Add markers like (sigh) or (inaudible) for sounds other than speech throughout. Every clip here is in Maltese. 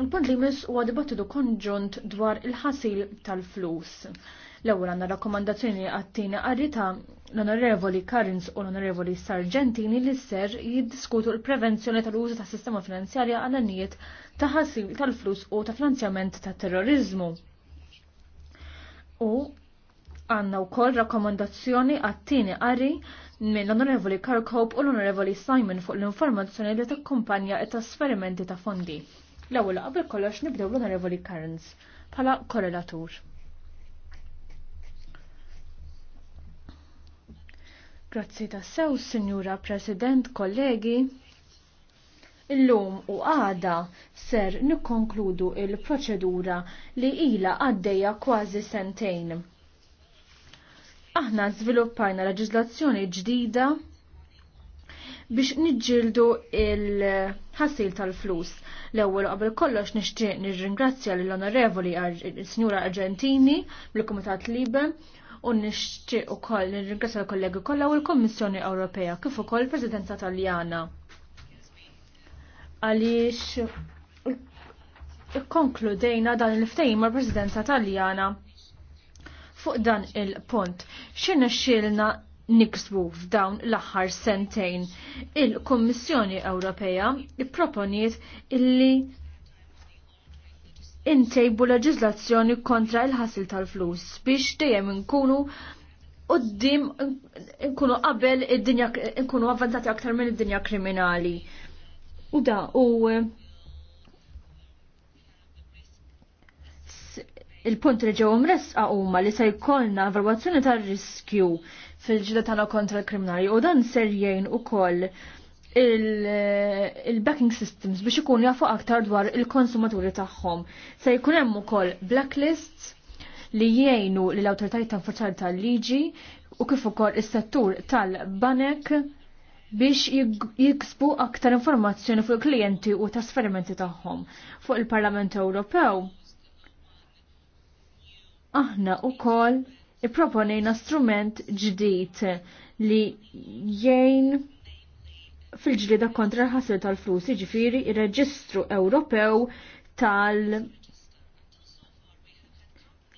Il-punt li jmiss huwa dibattitu konġunt dwar il-ħasil tal-flus. L-ewwel għandna rakkomandazzjoni għat-tieni qarita l-Onorevoli Karins u l-Onorevoli Sargentini li ser jiddiskutu l-prevenzjoni tal-użu ta' sistema finanzjarja għal anijiet ta' ħasil tal-flus u ta' finanzjament ta' terrorizmu. U għanna wkoll rakkomandazzjoni għat-tieni qari minn l-Onorevoli Kirkhope u l-Onorevoli Simon fuq l-informazzjoni li ta' e ta' sferimenti ta' fondi. L-ewwel qabel kollox nibdew l honorevoli Karens bħala korrelatur. Grazzi tassew, Sinjura President, kollegi. Illum u għada ser nikkonkludu il-proċedura li ila għaddeja kważi sentejn. Aħna żviluppajna leġislazzjoni ġdida biex niġġildu il-ħassil tal-flus. L-ewwel qabel kollox nixtieq nirringrazzja lill onorevoli Sinjura Argentini mill-Kumitat Libe u nixtieq ukoll nirringrazzja l-kollegi kollha u l-Kommissjoni Ewropea kif ukoll il-Presidenza Taljana. Għaliex ikkonkludejna dan il-ftehim mal-Presidenza Taljana fuq dan il-punt. xilna niksbu f'dawn l-aħħar sentejn. Il-Kommissjoni Ewropea proponiet illi intejbu leġislazzjoni kontra il-ħasil tal-flus biex dejjem nkunu qoddim nkunu qabel id-dinja nkunu avvantati aktar minn id-dinja kriminali. U da u il-punt li ġew mresqa huma li se jkollna evalwazzjoni tar-riskju fil-ġida kontra l-kriminali u dan ser jgħin ukoll il-backing systems biex ikun jafu aktar dwar il-konsumaturi tagħhom. Se jkun hemm ukoll blacklists li jgħinu l awtoritajiet ta' forzar tal-liġi u kif ukoll is-settur tal-banek biex jiksbu aktar informazzjoni fuq il-klijenti u trasferimenti tagħhom fuq il-Parlament Ewropew aħna u kol i-proponejna strument ġdijt li jgħin fil-ġlida kontra l-ħasir tal-flus, ġifiri il-reġistru Ewropew tal-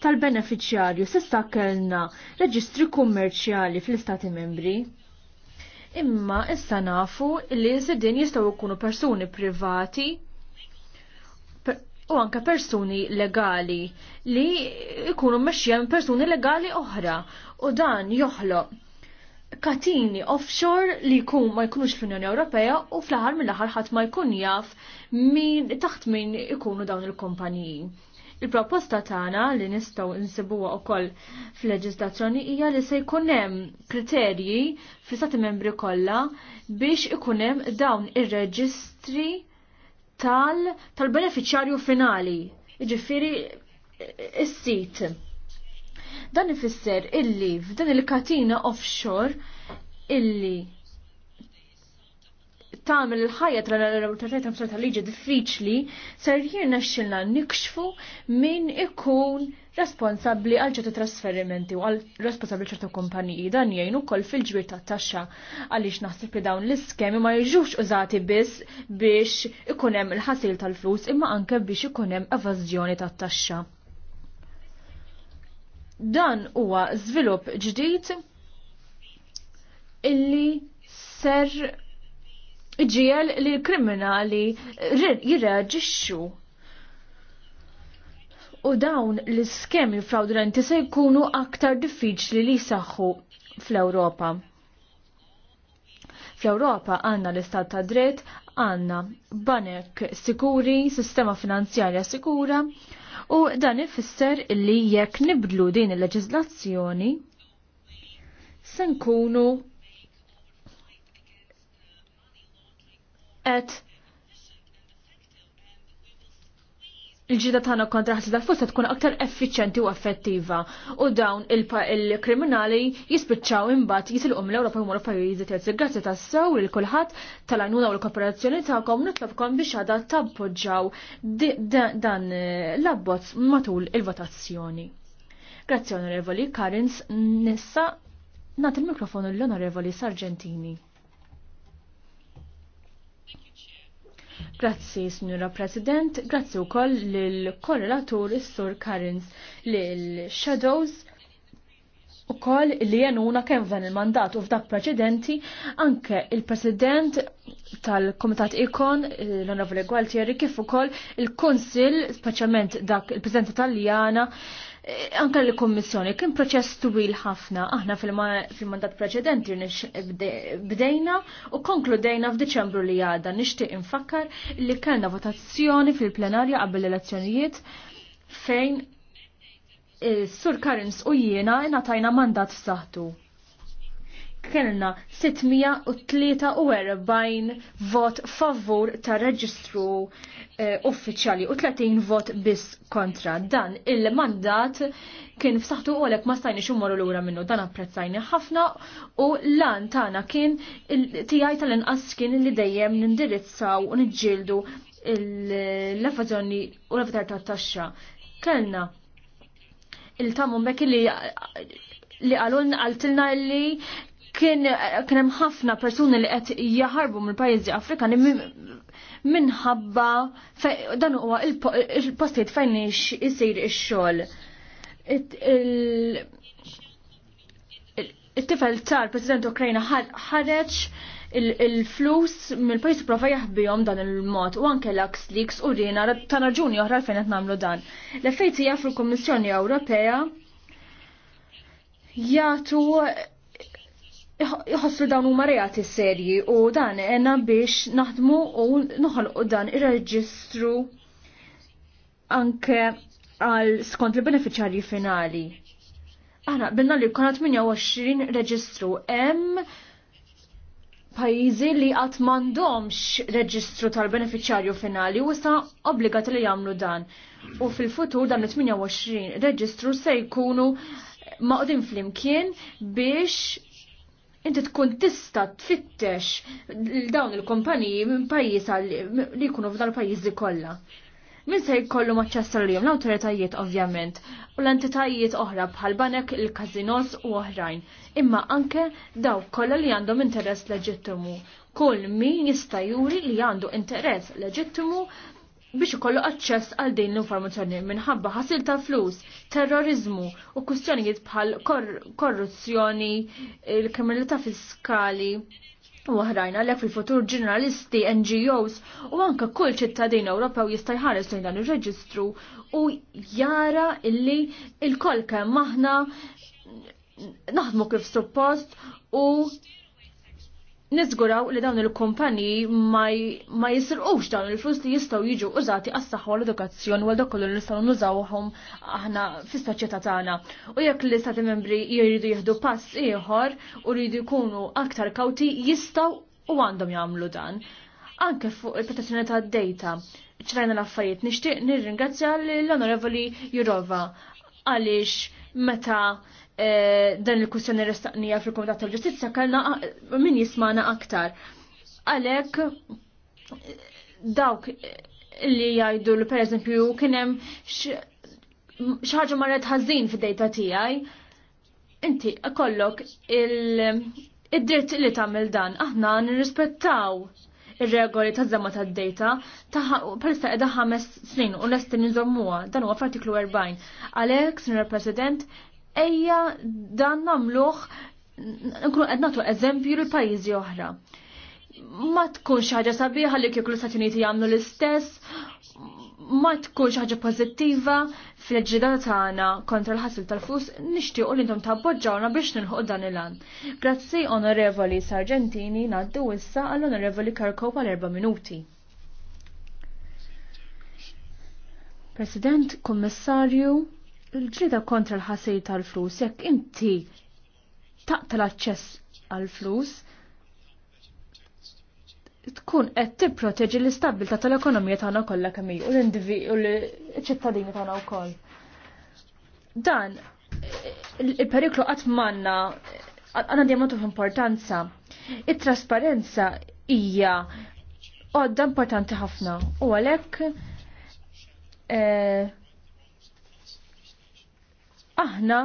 tal-beneficjarju sista kellna reġistri kummerċjali fl-istati membri. Imma issa nafu li s-din jistaw ikunu persuni privati u anka persuni legali li ikunu mexxjen persuni legali oħra u dan joħloq katini offshore li jkun ma jkunux fl-Unjoni Ewropea u fl-aħħar mill-aħħar ħadd ma jkun jaf min taħt min ikunu dawn il-kumpaniji. Il-proposta tagħna li nistgħu nsibuha wkoll fil-leġislazzjoni hija li se jkun hemm kriterji fl-Stati membri kollha biex ikun hemm dawn ir-reġistri tal-beneficjarju tal finali, iġifiri is-sit. Dan ifisser illi f'dan il-katina offshore illi tagħmel il-ħajja tal-rapportatajt tal-liġi diffiċli ser jirna xilna nikxfu min ikun responsabli għal ċertu trasferimenti u għal responsabli ċertu kumpaniji dan jgħinu kol fil-ġbir ta' taxxa għaliex naħseb li dawn l-iskemi ma jiġux użati biss biex ikun hemm il-ħasil tal-flus imma anke biex ikun hemm evażjoni ta' taxxa. Dan huwa zvilup ġdid illi ser ġiel li l-kriminali jirraġiċu. u dawn l-iskemi fraudulenti se jkunu aktar diffiċli li jisaxħu fl-Ewropa. Fl-Ewropa għanna l-istat ta' dritt, għanna banek sikuri, sistema finanzjarja sikura u dan ifisser li jekk nibdlu din il-leġizlazzjoni se nkunu et il-ġida tagħna kontra ħadd tal-fuq se tkun aktar effiċenti u effettiva u dawn il-kriminali jispiċċaw imbagħad jisilqu mill-Ewropa jmorru pajjiżi terzi. Grazzi tassew il kulħadd tal-għanuna u l-kooperazzjoni tagħkom nitlobkom biex għadha tabpoġġaw dan eh, l-abbozz matul il-votazzjoni. Grazzi Onorevoli Karins, nissa nagħti il-mikrofonu l-Onorevoli Sargentini. Grazzi, Signora President, grazzi u koll l-korrelatur Sur Karins, l-Shadows, u koll li jenuna kemm ven il-mandat u f'dak preċedenti anke il-President tal-Komitat Ikon, l-Onorevole Gualtieri, kif ukoll il-Konsil, speċjalment dak il-President Taljana, anke l-Kommissjoni, kien proċess twil ħafna. Aħna fil-mandat preċedenti bdejna u konkludejna f'Diċembru li għadha. Nixtieq infakkar li kellna votazzjoni fil-plenarja qabel l-elezzjonijiet fejn Sur Karins u jiena natajna mandat f'saħħtu. Kellna 643 vot favur ta' reġistru eh, uffiċjali u 30 vot biss kontra. Dan il-mandat kien f'saħħtu għalek ma stajniex l lura minnu dan apprezzajni ħafna u lan tagħna kien tiegħi tal-inqas kien li dejjem nindirizzaw u niġġieldu l-evazjoni u l-evitar ta' taxxa Kellna il-tamu bekk li li għalun għaltilna li kien hemm ħafna persuni li qed jaħarbu mill-pajjiżi Afrikani minħabba dan huwa il postiet fejn jisir ix-xogħol. it tifel tal President Ukrajna ħareġ il-flus mill-pajis prova jaħbihom dan il-mod u anke l-Ax Leaks u rina ta' raġuni oħra fejn qed nagħmlu dan. L-effejti jafu fil kummissjoni Ewropea jagħtu jħossru dawn huma reati serji u dan għenna biex naħdmu u noħolqu dan ir-reġistru anke għal skont il-beneficjarji finali. Aħna binna li konat 28 reġistru hemm pajizi li għat mandomx reġistru tal-beneficjarju finali u sta obbligat li jamlu dan. U fil-futur dan 28 reġistru se jkunu maqdin fl-imkien biex inti tkun tista tfittex dawn il-kompaniji minn pajjiż li jkunu f'dal pajjiżi kollha. Min se jkollu maċċess għal-jom l-autoritajiet ovvjament u l-entitajiet oħra bħal banek il-kazinos u oħrajn, imma anke daw kolla li għandhom interess leġittimu. Kull min jista' juri li għandu interess leġittimu biex ikollu aċċess għal din l-informazzjoni minħabba ħasil ta' flus, terrorizmu u kustjonijiet bħal korruzzjoni, il-kriminalità fiskali u oħrajn għalhekk fil-futur ġurnalisti, NGOs u anke kull ċittadin Ewropew jista' jħares lejn dan ir-reġistru u jara illi il-kol kemm aħna naħdmu kif suppost u nizguraw li dawn il kumpani ma jisirqux dawn il-flus li jistaw jiġu użati għas-saħħa u l-edukazzjoni għal dokollu li nistaw nużawhom aħna fis-soċjetà tagħna. U jekk l-istati membri jridu jieħdu pass ieħor u jridu jkunu aktar kawti jistaw u għandhom jagħmlu dan. Anke fuq il-protezzjoni tad-data ċrajna l-affarijiet nixtieq nirringrazzja l-Onorevoli Jurova għaliex meta Eh, dan il-kussjoni restaqnija fil-Komitat tal-Ġustizja kellna min jismana aktar. Għalek dawk li jajdu li per eżempju kienem xaħġa marret ħażin fid-dejta tiegħi, inti kollok il-dirt li tagħmel dan aħna nirrispettaw ir-regoli ta' żamma ta' dejta ta' palissa qiegħda ħames snin u lest ninżommuha dan huwa f'artiklu 40. Alex, Sr. President, ejja dan namluħ nkunu qed nagħtu eżempju li pajjiżi oħra. Ma tkunx ħaġa sabiħa li kieku l-Istati Uniti jagħmlu l-istess, ma tkunx ħaġa pożittiva fil-ġidata tagħna kontra l-ħasil tal-fus nixtiequ li intom tabboġġawna biex nilħuq dan il-għan. Grazzi Onorevoli Sargentini naddu issa għall-Onorevoli Karko għal erba' minuti. President, Kommissarju, il-ġrida kontra l ħasej tal-flus, jekk inti taqta l-aċċess għal-flus, tkun qed tipproteġi l-istabilta tal-ekonomija tagħna kollha kemm u l-ċittadini tagħna wkoll. Dan il-periklu qatt manna għandna dejjem importanza. It-trasparenza hija għodda importanti ħafna u għalhekk eh, aħna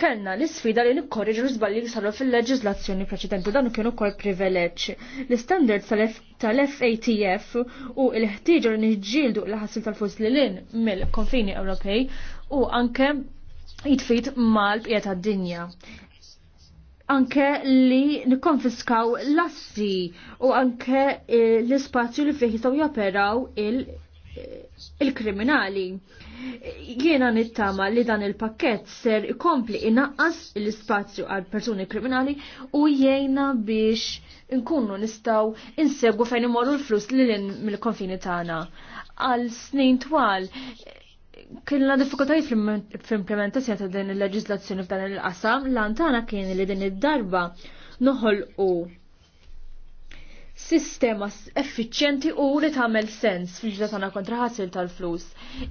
kellna l-isfida li nikkorriġu żballi li saru fil-leġiżlazzjoni preċedenti dan kienu kol privileġġ. L-istandards tal-FATF u l-ħtieġa li niġġieldu l-ħassil tal-fużlilin mill-konfini Ewropej u anke jitfit mal-bqija tad-dinja anke li nikkonfiskaw l-assi u anke eh, l-ispazju li fih jistgħu japeraw il- il-kriminali. Jiena nittama li dan il-pakket ser ikompli inaqqas l-ispazju għal persuni kriminali u jiena biex nkunu nistaw insegwu fejn imorru l-flus li l mill-konfini tagħna. Għal snin twal kellna diffikultajiet fl-implementazzjoni ta' din il-leġislazzjoni f'dan il-qasam, lantana kien li din id-darba noħolqu sistema effiċjenti u li tagħmel sens fil ġita tagħna kontra ħasil tal-flus.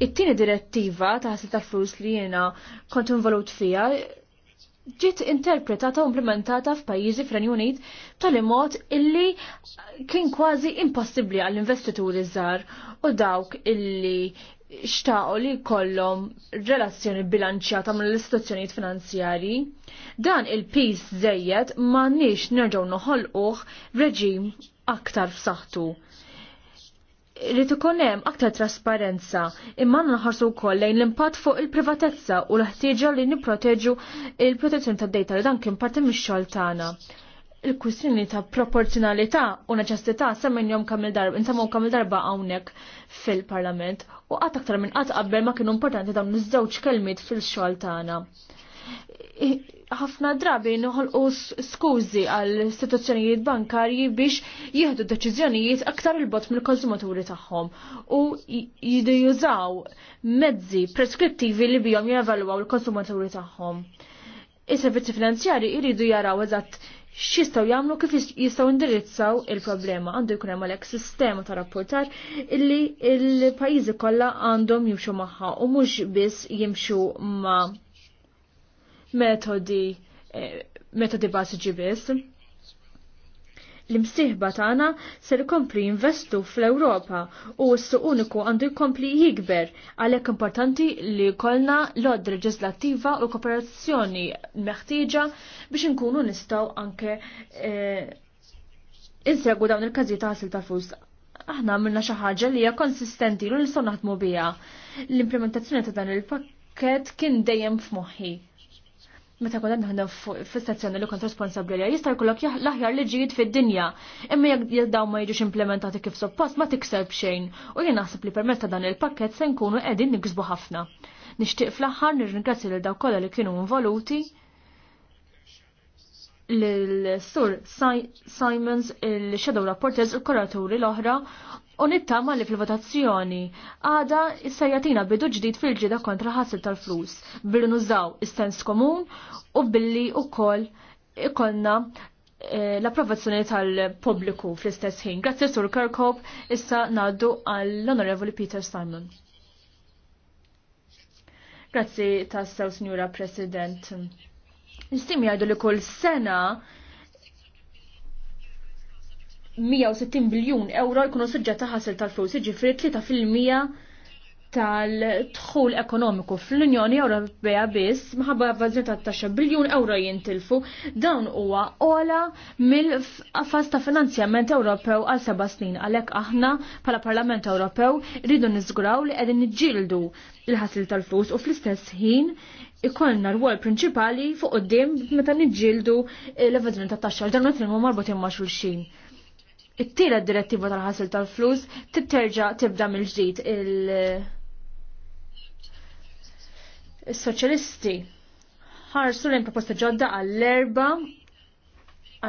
It-tieni direttiva ta' ħasil tal-flus li jiena kont involut fija ġiet interpretata u implementata f'pajjiżi fl-Unit tal-imot illi kien kważi impossibbli għall-investituri żgħar u dawk illi xtaqo li kollom relazzjoni bilanċjata mill istituzzjonijiet finanzjarji, dan il-pis zejjed ma nix nerġaw noħolquh reġim aktar f'saħħtu. Rrid ikun hemm aktar trasparenza imma nħarsu wkoll lejn l-impatt fuq il-privatezza u l-ħtieġa li nipproteġu il-protezzjoni tad-dejta li dan kien parti mix-xogħol tagħna il-kwistjoni ta' proporzjonalità u neċessità semmen jom kamil darba, insemmu kamil darba għawnek fil-parlament u għat aktar minn qatt qabel ma kienu importanti dawn iż-żewġ kelmiet fil-xogħol tagħna ħafna drabi noħolqu skużi għall istituzzjonijiet bankarji biex jieħdu deċiżjonijiet aktar il-bot mill-konsumaturi tagħhom u jidu jużaw mezzi preskrittivi li bihom jevalwaw il-konsumaturi tagħhom. Is-servizzi finanzjari jridu jaraw eżatt x'jistgħu jagħmlu kif jistgħu indirizzaw il-problema. Għandu jkun hemm għalhekk sistema ta' rapportar illi l-pajjiżi kollha għandhom jimxu magħha u mhux biss jimxu ma' metodi eh, metodi basi biss. L-imsiħba tagħna ser kompli jinvestu fl-Ewropa u s-suq uniku għandu jkompli jikber għalhekk importanti li kolna l-od leġislattiva u kooperazzjoni meħtieġa biex inkunu nistgħu anke eh, insegu dawn il-każijiet ta' għasil ta' flus aħna għamilna xi ħaġa li hija konsistenti u nistgħu naħdmu biha. L-implementazzjoni ta' dan il-pakket kien dejjem f'moħħi meta kolla naħdem fil-stazzjoni li kont responsabbli li jista' jkollok l-aħjar liġijiet fid-dinja, imma jekk dawn ma jiġux implementati kif suppost ma tikseb xejn u jien naħseb li permezz ta' dan il-pakkett se nkunu qegħdin niksbu ħafna. Nixtieq fl-aħħar nirringrazzja lil dawk kollha li kienu involuti l-sur Simons, il-Shadow Rapporters, il-Kuraturi l-oħra u nittama li fil-votazzjoni għada jissajjatina bidu ġdid fil-ġida kontra ħassil tal-flus billi nużaw istens komun u billi u kol ikonna eh, l-approvazzjoni tal-pubbliku fl-istess ħin. Grazie, Sur Kirkhope, issa naddu għall-Onorevoli Peter Simon. Grazzi tassew, Signora President. Nistimi jgħidu li kull sena 160 biljun euro jkunu suġġett ta' ħasil tal-flus, jiġifieri 3% tal-dħul ekonomiku fl-Unjoni Ewropea biss minħabba bażin ta' taxxa biljun euro jintilfu dawn huwa ola mill-qafas ta' finanzjament Ewropew għal seba' snin għalhekk aħna bħala Parlament Ewropew rridu niżguraw li qegħdin niġġieldu il-ħasil tal-flus u fl-istess ħin ikollna rwol prinċipali fuq qudiem meta niġġieldu l-evażjoni ta' taxxa dan qed marbutin ma' xulxin it-tielet direttiva tal-ħasil tal-flus titterġa tibda mill-ġdid il- soċjalisti ħarsu l proposta ġodda għall-erba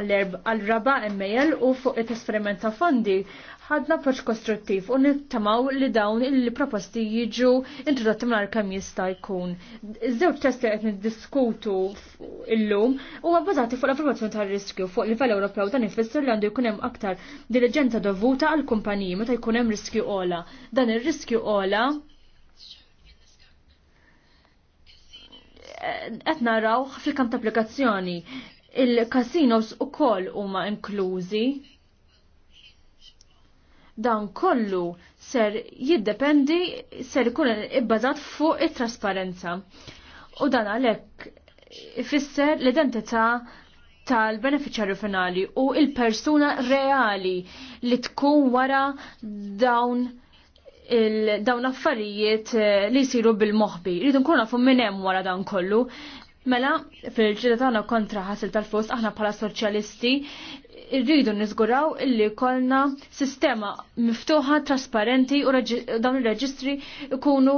għall-raba ML u fuq it-esperiment ta' fondi ħadna approċ kostruttiv u nittamaw li dawn il-proposti jiġu introdotti mal kam jista' jkun. Iż-żewġ testi qed niddiskutu illum u bbażati fuq l-approvazzjoni tar-riskju fuq livell Ewropew dan ifisser li għandu jkun hemm aktar diligenza dovuta għal kumpaniji meta jkun hemm riskju ola. Dan ir-riskju ola qed naraw fil-kamp ta' applikazzjoni il-casinos u koll huma inklużi dan kollu ser jiddependi ser ikun ibbażat fuq it-trasparenza. U dan għalhekk ifisser l-identità tal-beneficjarju finali u il-persuna reali li tkun wara dawn dawn affarijiet eh, li jisiru bil-moħbi. Rridu nkunu nafu minn hemm wara dan kollu. Mela, fil-ġida tagħna kontra ħasil tal-fost aħna bħala soċjalisti irridu nizguraw illi kolna sistema miftuħa, trasparenti u dawn il-reġistri ikunu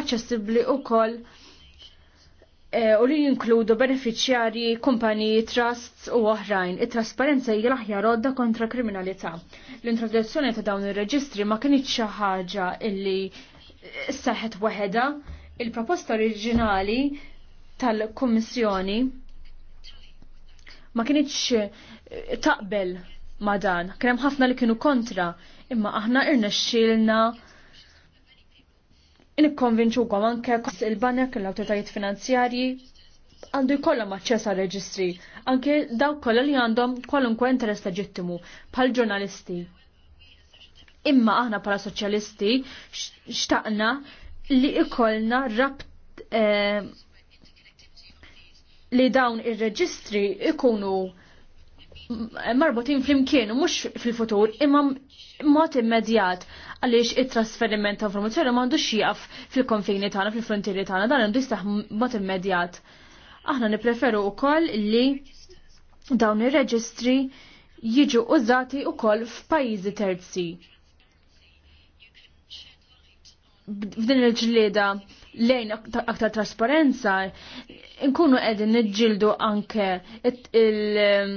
aċċessibbli u koll e, u li jinkludu beneficjari, kumpaniji, trusts u oħrajn. Il-trasparenza hija l rodda kontra kriminalità. L-introduzzjoni ta' dawn ir-reġistri ma kienx xi ħaġa illi saħet waħedha. Il-proposta oriġinali tal-Kummissjoni ma kienitx eh, taqbel ma dan. Kien ħafna li kienu kontra, imma aħna irnexxielna nikkonvinċu għom anke il-banek l-autoritajiet finanzjarji għandu jkollhom aċċess għal reġistri, anke daw kollha li għandhom kwalunkwe interess leġittimu bħal ġurnalisti. Imma aħna bħala soċjalisti xtaqna li ikollna rabt eh, li dawn ir-reġistri ikunu marbutin fl-imkien, mux fil-futur, imma mod immedjat għaliex it-trasferiment ta' informazzjoni m'għandux jaf fil-konfini tagħna, fil-frontieri tagħna, dan għandu jistaħ mod immedjat. Aħna nipreferu wkoll li dawn ir-reġistri jiġu użati wkoll f'pajjiżi terzi. F'din il-ġlieda lejn aktar trasparenza, nkunu qegħdin niġġieldu anke il- um,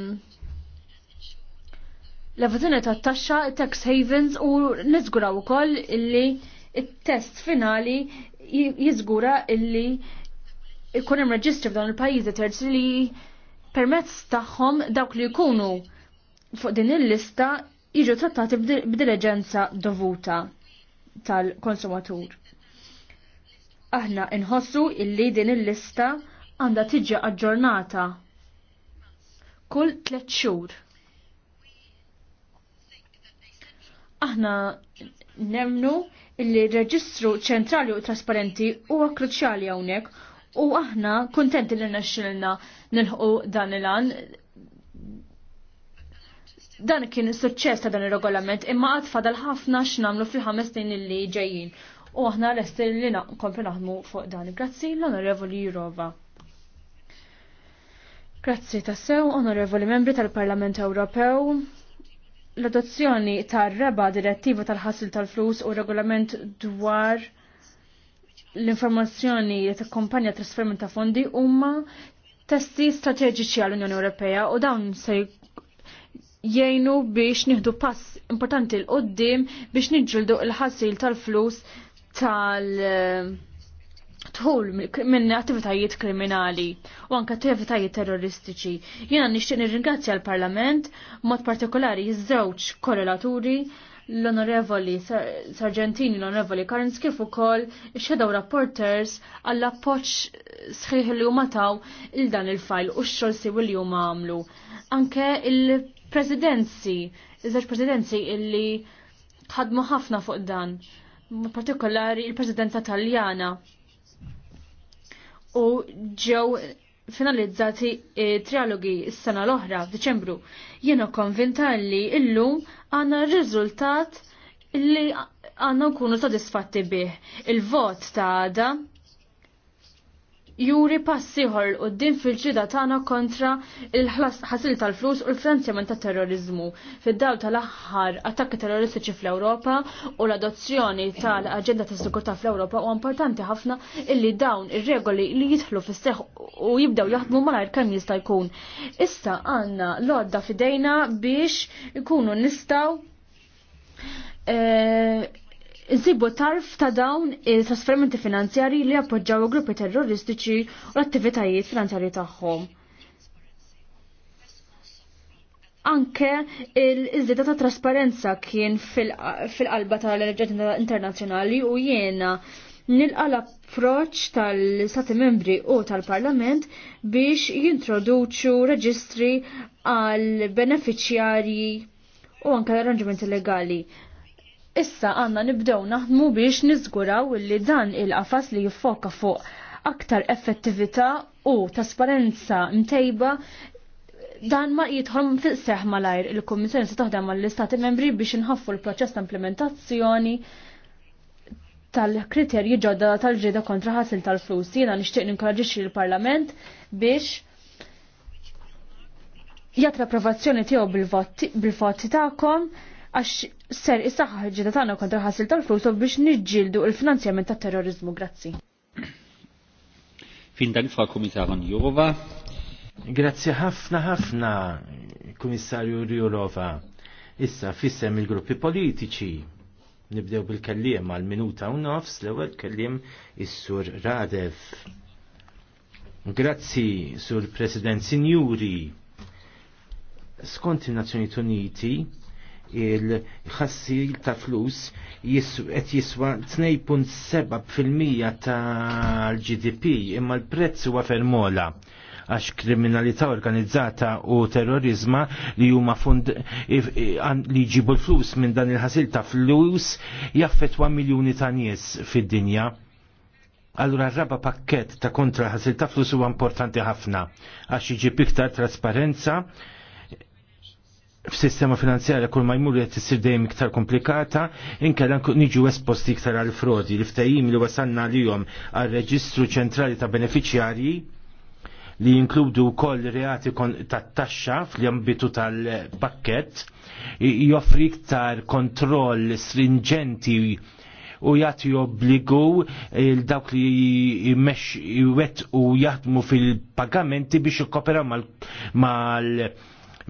l avazzina ta' taxxa, tax havens u niżguraw ukoll illi it-test finali jiżgura illi ikunem reġistri f'dawn il pajizi terzi li permezz tagħhom dawk li jkunu fuq din il-lista jiġu trattati b'dileġenza dovuta tal-konsumatur. Aħna inħossu illi din il-lista għandha tiġi aġġornata kull tliet xhur. Aħna nemnu illi reġistru ċentrali u trasparenti huwa kruċjali hawnhekk u aħna kuntenti li nexxilna nilħu dan il-għan dan kien suċċess ta' dan ir regolament imma għad fadal ħafna x'namlu fil-ħames snin li ġejjin u aħna l-esti li naqkompli naħdmu fuq dan. Grazzi l-Onorevoli Jurova. Grazzi tassew, onorevoli membri tal-Parlament Ewropew. L-adozzjoni tar-reba direttiva tal-ħassil tal-flus u regolament dwar l-informazzjoni li t-kompanja trasferment ta' fondi huma testi strateġiċi għall-Unjoni Ewropea u dawn se jgħinu biex nieħdu pass importanti l qoddim biex niġġuldu l-ħassil tal-flus tal- eh, tħul minn attivitajiet kriminali u anka attivitajiet terroristiċi. Jena nixtieq nirringrazzja l-Parlament, mod partikolari iż-żewġ korrelaturi l-Onorevoli Sargentini, l-Onorevoli Karens kif ukoll ix-Shadow Rapporters għall appoġġ sħiħ li huma taw il dan il-fajl u x-xogħol siwi li huma għamlu. Anke il-Presidenzi, iż-żewġ Presidenzi illi ħadmu ħafna fuq dan partikolari il-Presidenza Taljana. U ġew finalizzati eh, trialogi s-sena l-oħra f'Diċembru. Jiena konvinta li illum għandna r-riżultat li għandna nkunu sodisfatti bih. Il-vot ta' għada juri passiħor u din fil-ġida tagħna kontra il-ħasil tal-flus u l-finanzjament ta' terrorizmu. Fid-daw tal-aħħar attakki terroristiċi fl-Ewropa u l-adozzjoni tal-Aġenda ta' Sigurtà fl-Ewropa u importanti ħafna illi dawn ir-regoli li jidħlu fis-seħ u jibdew jaħdmu malajr kemm jista' jkun. Issa għandna l-għodda fidejna biex ikunu nistgħu eh, Nsibu tarf ta' dawn il-trasferimenti finanzjari li appoġġaw gruppi terroristiċi u l-attivitajiet finanzjari tagħhom. Anke il-iżida ta' trasparenza kien fil-qalba tal-Leġġenda Internazzjonali u jiena nilqa l-approċ tal-Stati membri u tal-Parlament biex jintroduċu reġistri għal beneficjari u anke l-arranġimenti legali. Issa għanna nibdew naħdmu biex nizguraw li dan il-qafas li jiffoka fuq aktar effettività u trasparenza mtejba dan ma jitħolm fil-seħ malajr il-Kommissjoni se taħdem mal-Istati membri biex nħaffu l-proċess ta' implementazzjoni tal-kriterji ġodda tal ġeda kontra ħasil tal-flus. Jiena nixtieq ninkoraġixxi l-Parlament biex jatra approvazzjoni tiegħu bil-voti tagħkom għax ser isaħħa ħġida tagħna kontra ħasil tal-flus biex niġġieldu il-finanzjament tat-terrorizmu. Grazzi. Fin dan fra Komissarju Jurova. Grazzi ħafna ħafna Kumissarju Jurova. Issa fissem il-gruppi politiċi. Nibdew bil-kelliem għal minuta u nofs l-ewwel kelliem is-sur Radev. Grazzi, sur President Signuri. Skont il-Nazzjonijiet Uniti, il-ħassil ta' flus qed jiswa 2.7% tal-GDP imma l-prezz huwa fermola għax kriminalità organizzata u terrorizma li huma fund li jġibu l-flus minn dan il-ħasil ta' flus jaffetwa miljuni ta' nies fid-dinja. Allura r-raba pakket ta' kontra ħasil ta' flus huwa importanti ħafna għax jiġi iktar trasparenza f'sistema finanzjarja kull ma jmur qed issir dejjem iktar komplikata, inkella niġu esposti iktar għal frodi. li ftajim li li jom għal reġistru ċentrali ta' beneficjarji li jinkludu wkoll reati tat-taxxa fl-ambitu tal-pakket, joffri iktar kontroll stringenti u jagħti obbligu dawk li jmex wet u jaħdmu fil-pagamenti biex ikkopera mal-, mal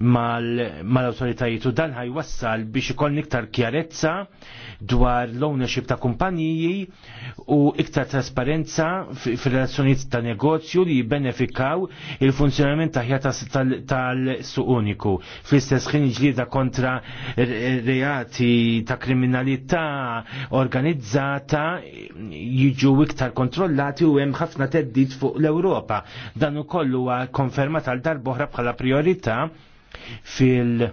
mal-autoritajiet u dan ħajwassal biex ikoll iktar kjarezza dwar l-ownership ta' kumpaniji u iktar trasparenza fil-relazzjoniet ta' negozju li jibbenefikaw il-funzjonament ħjata tal su uniku. Fl-istess ħin ġlida kontra reati ta' kriminalità organizzata jiġu iktar kontrollati u hemm ħafna teddit fuq l-Ewropa. Dan ukoll huwa konfermat għal darboħra bħala priorità fil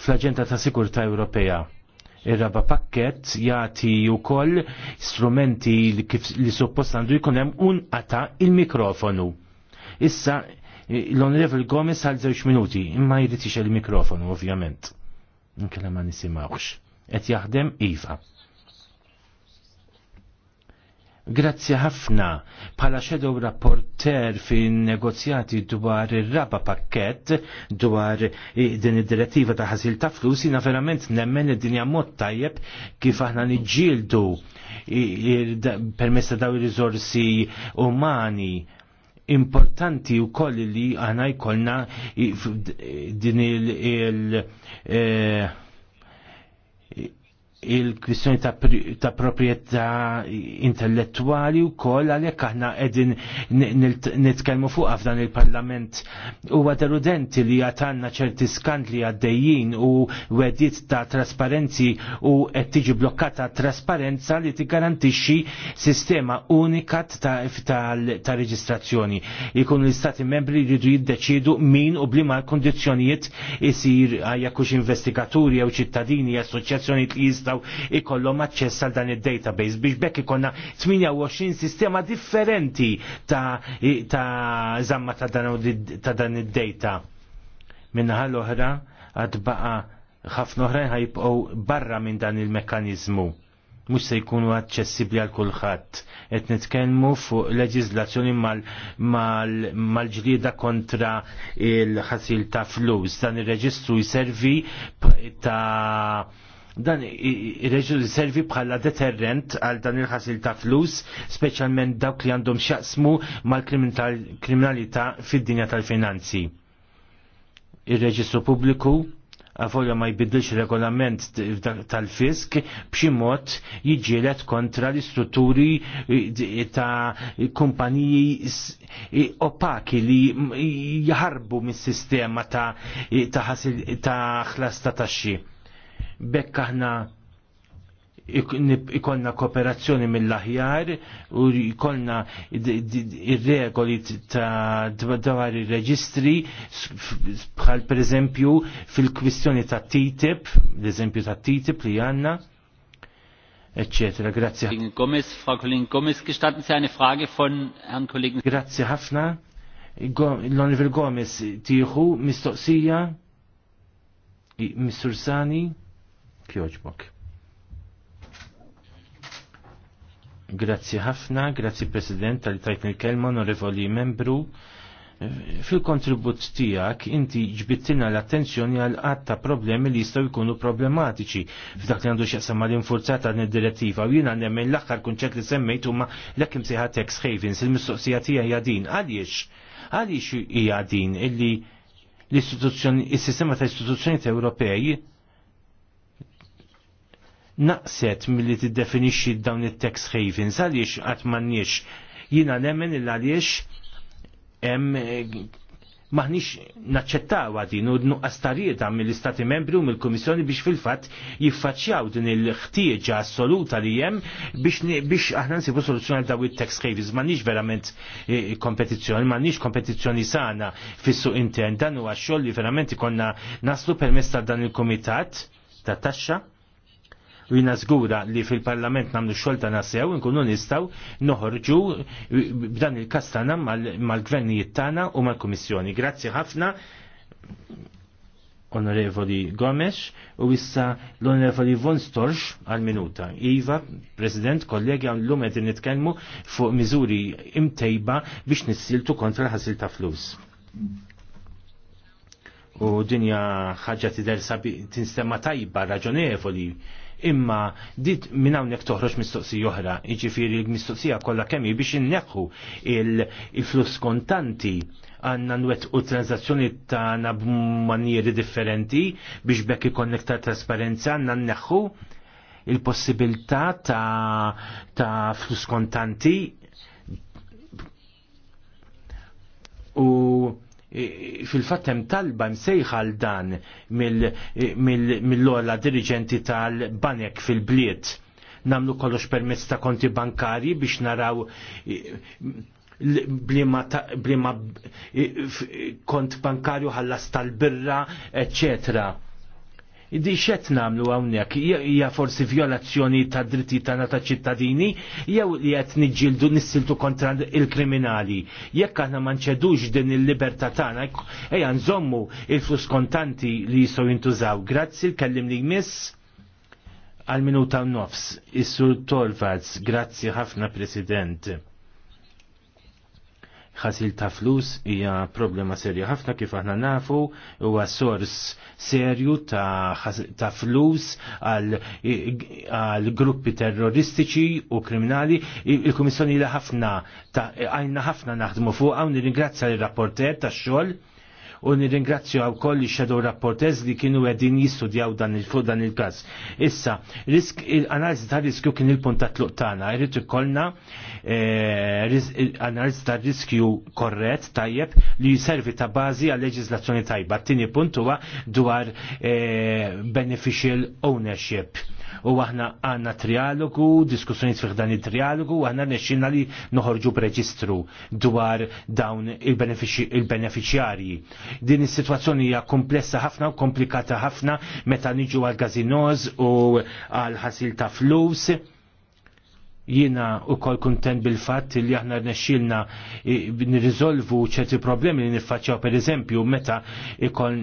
fl-Aġenda ta' Sigurtà Ewropea. Ir-raba pakket jagħti wkoll strumenti li kif li suppost għandu jkun hemm unqata il-mikrofonu. Issa l onrevel Gomez għal żewġ minuti, imma jrid il-mikrofonu ovvjament. Nkellem ma nisimgħux. Qed jaħdem iva. Grazzi ħafna bħala xedow rapporter fin negozjati dwar ir-raba pakket dwar din id-direttiva ta' ħasil ta' flus jina verament nemmen id-dinja mod tajjeb kif aħna niġġieldu permessa daw ir rizorsi umani importanti u koll li għana jkollna din il eh, il-kwistjoni ta', ta proprjetà intellettuali u koll għalhekk aħna qegħdin nitkellmu fuq f'dan il-Parlament. Huwa deludenti li għatanna ċerti skandli għaddejjin u wedjiet ta' trasparenzi u qed tiġi blokkata trasparenza li tigarantixxi sistema unika ta', ta reġistrazzjoni. jkunu l-Istati membri jridu jiddeċidu min u blima kondizzjonijiet isir għajja kux investigaturi jew ċittadini, assoċjazzjoni li jistgħu ikollhom aċċess għal dan id-database biex bekk ikonna 28 sistema differenti ta', ta zamma ta' dan id-data. Minnaħa l-oħra għad baqa ħafna oħrajn ħajbqgħu barra minn dan il-mekkaniżmu mux se jkunu aċċessibbli għal kulħadd. Qed nitkellmu fuq leġiżlazzjoni mal-ġlieda kontra il-ħasil ta' flus. Dan ir-reġistru jservi ta' dan irreġu servi bħala deterrent għal dan il-ħasil ta' flus, speċjalment dawk li għandhom xaqsmu mal-kriminalità fid-dinja tal-finanzi. Ir-reġistru pubbliku għafolja ma jbiddilx regolament tal-fisk b'xi mod jiġġielet kontra l-istrutturi ta' kumpaniji opaki li jħarbu mis-sistema ta' ħlas ta' taxxi. Ta bekk aħna ikonna kooperazzjoni mill-aħjar u ikonna ir-regoli ta' dwar ir-reġistri bħal per eżempju fil-kwistjoni ta' TTIP, l-eżempju ta' TTIP li għanna, eccetera. Grazie. Gomez, Frau Kollegin Gomez, gestatten Sie eine Frage von Herrn Kollegen. Grazie ħafna. L-Onivil Gomez tiħu mistoqsija, Mr. Sani kjoġbok. Grazzi ħafna, grazzi President tal tajt il kelma onorevoli membru. Fil-kontribut tijak inti ġbittina l-attenzjoni għal għatta problemi li jistaw jkunu problematiċi f'dak li għandu ma l infurzata għan direttiva u jina nemmen l axħar kunċet li semmejtu ma l-ekim siħa tax havens il-mistoqsija tija jadin. Għaliex? Għaliex jadin illi l-istituzzjoni, il-sistema ta' istituzzjoni Ewropej naqset milli tiddefinixxi dawn it-tax havens għaliex qatt m'għandniex jiena nemmen il għaliex maħniex naċċettaw din u nuqqas tarieta mill-Istati Membri u mill komissjoni biex fil-fatt jiffaċċjaw din il-ħtieġa assoluta li hemm biex aħna nsibu soluzzjoni daw it-tax havens. M'aħniex verament eh, kompetizzjoni, m'għandniex kompetizzjoni sana fis-suq intern dan huwa xogħol li verament ikonna naslu permess ta' dan il-kumitat ta' taxxa u jina zgura li fil-parlament namlu xolta nasew nkunu nistaw noħorġu b'dan il-kastana mal-gvernijiet tagħna u mal-Kummissjoni. Grazzi ħafna Onorevoli Gomes u issa l-Onorevoli Von Storch għal-minuta. Iva, President, kollegja l-lum għedin nitkelmu fuq miżuri imtejba biex nissiltu kontra l-ħasil ta' flus. U dinja ħagġa tidher tinstema tajba raġonevoli imma dit minn hawnhekk toħroġ mistoqsija oħra, jiġifieri l-mistoqsija kollha kemm biex inneħħu il-fluss kontanti għanna nwet u transazzjoni tagħna b'manieri differenti biex bekk ikonnektar trasparenza għanna nneħħu il-possibilità ta', ta flus kontanti u fil-fatt hemm talba msejħa għal dan mill-ola dirigenti tal-banek fil-bliet. Namlu kollox permezz ta' konti bankari biex naraw blima kont bankarju ħallas tal-birra, eccetera Di xet namlu għawnek, hija forsi violazzjoni ta' dritti tagħna nata ċittadini, jew li qed niġġieldu nissiltu kontra il-kriminali. Jekk aħna ma nċedux din il-libertà tagħna, ejja nżommu il-flus kontanti li jistgħu jintużaw. Grazzi kellim li jmiss għal minuta nofs. Is-sur Torvalds, grazzi ħafna President ħasil ta' flus hija problema serja ħafna kif aħna nafu huwa sors serju ta', ta flus għal gruppi terroristiċi u kriminali. Il-Kummissjoni il ħafna għajna ħafna naħdmu fuq hawn nirringrazzja l-rapporter tax-xogħol u nirringrazzja wkoll koll xedu rapporters li kienu għedin jistudjaw dan il-fuq dan il każ Issa, risk, il-analizi ta' riskju kien il-punt tluq tluqtana, irrit ikollna Eh, analiz ta' riskju korret tajjeb li jservi ta' bażi għal leġislazzjoni tajba. Tini punt huwa dwar eh, beneficial ownership u aħna għanna trialogu, diskussjoni fiħ dan il-trialogu, u għanna nesċina li noħorġu preġistru dwar dawn il-beneficjarji. Din is-situazzjoni hija komplessa ħafna u komplikata ħafna meta niġu għal gazinoz u għal ħasil ta' flus jina u kol kontent bil-fat li aħna rnexxilna nirriżolvu ċerti problemi li niffaċċjaw per eżempju meta ikon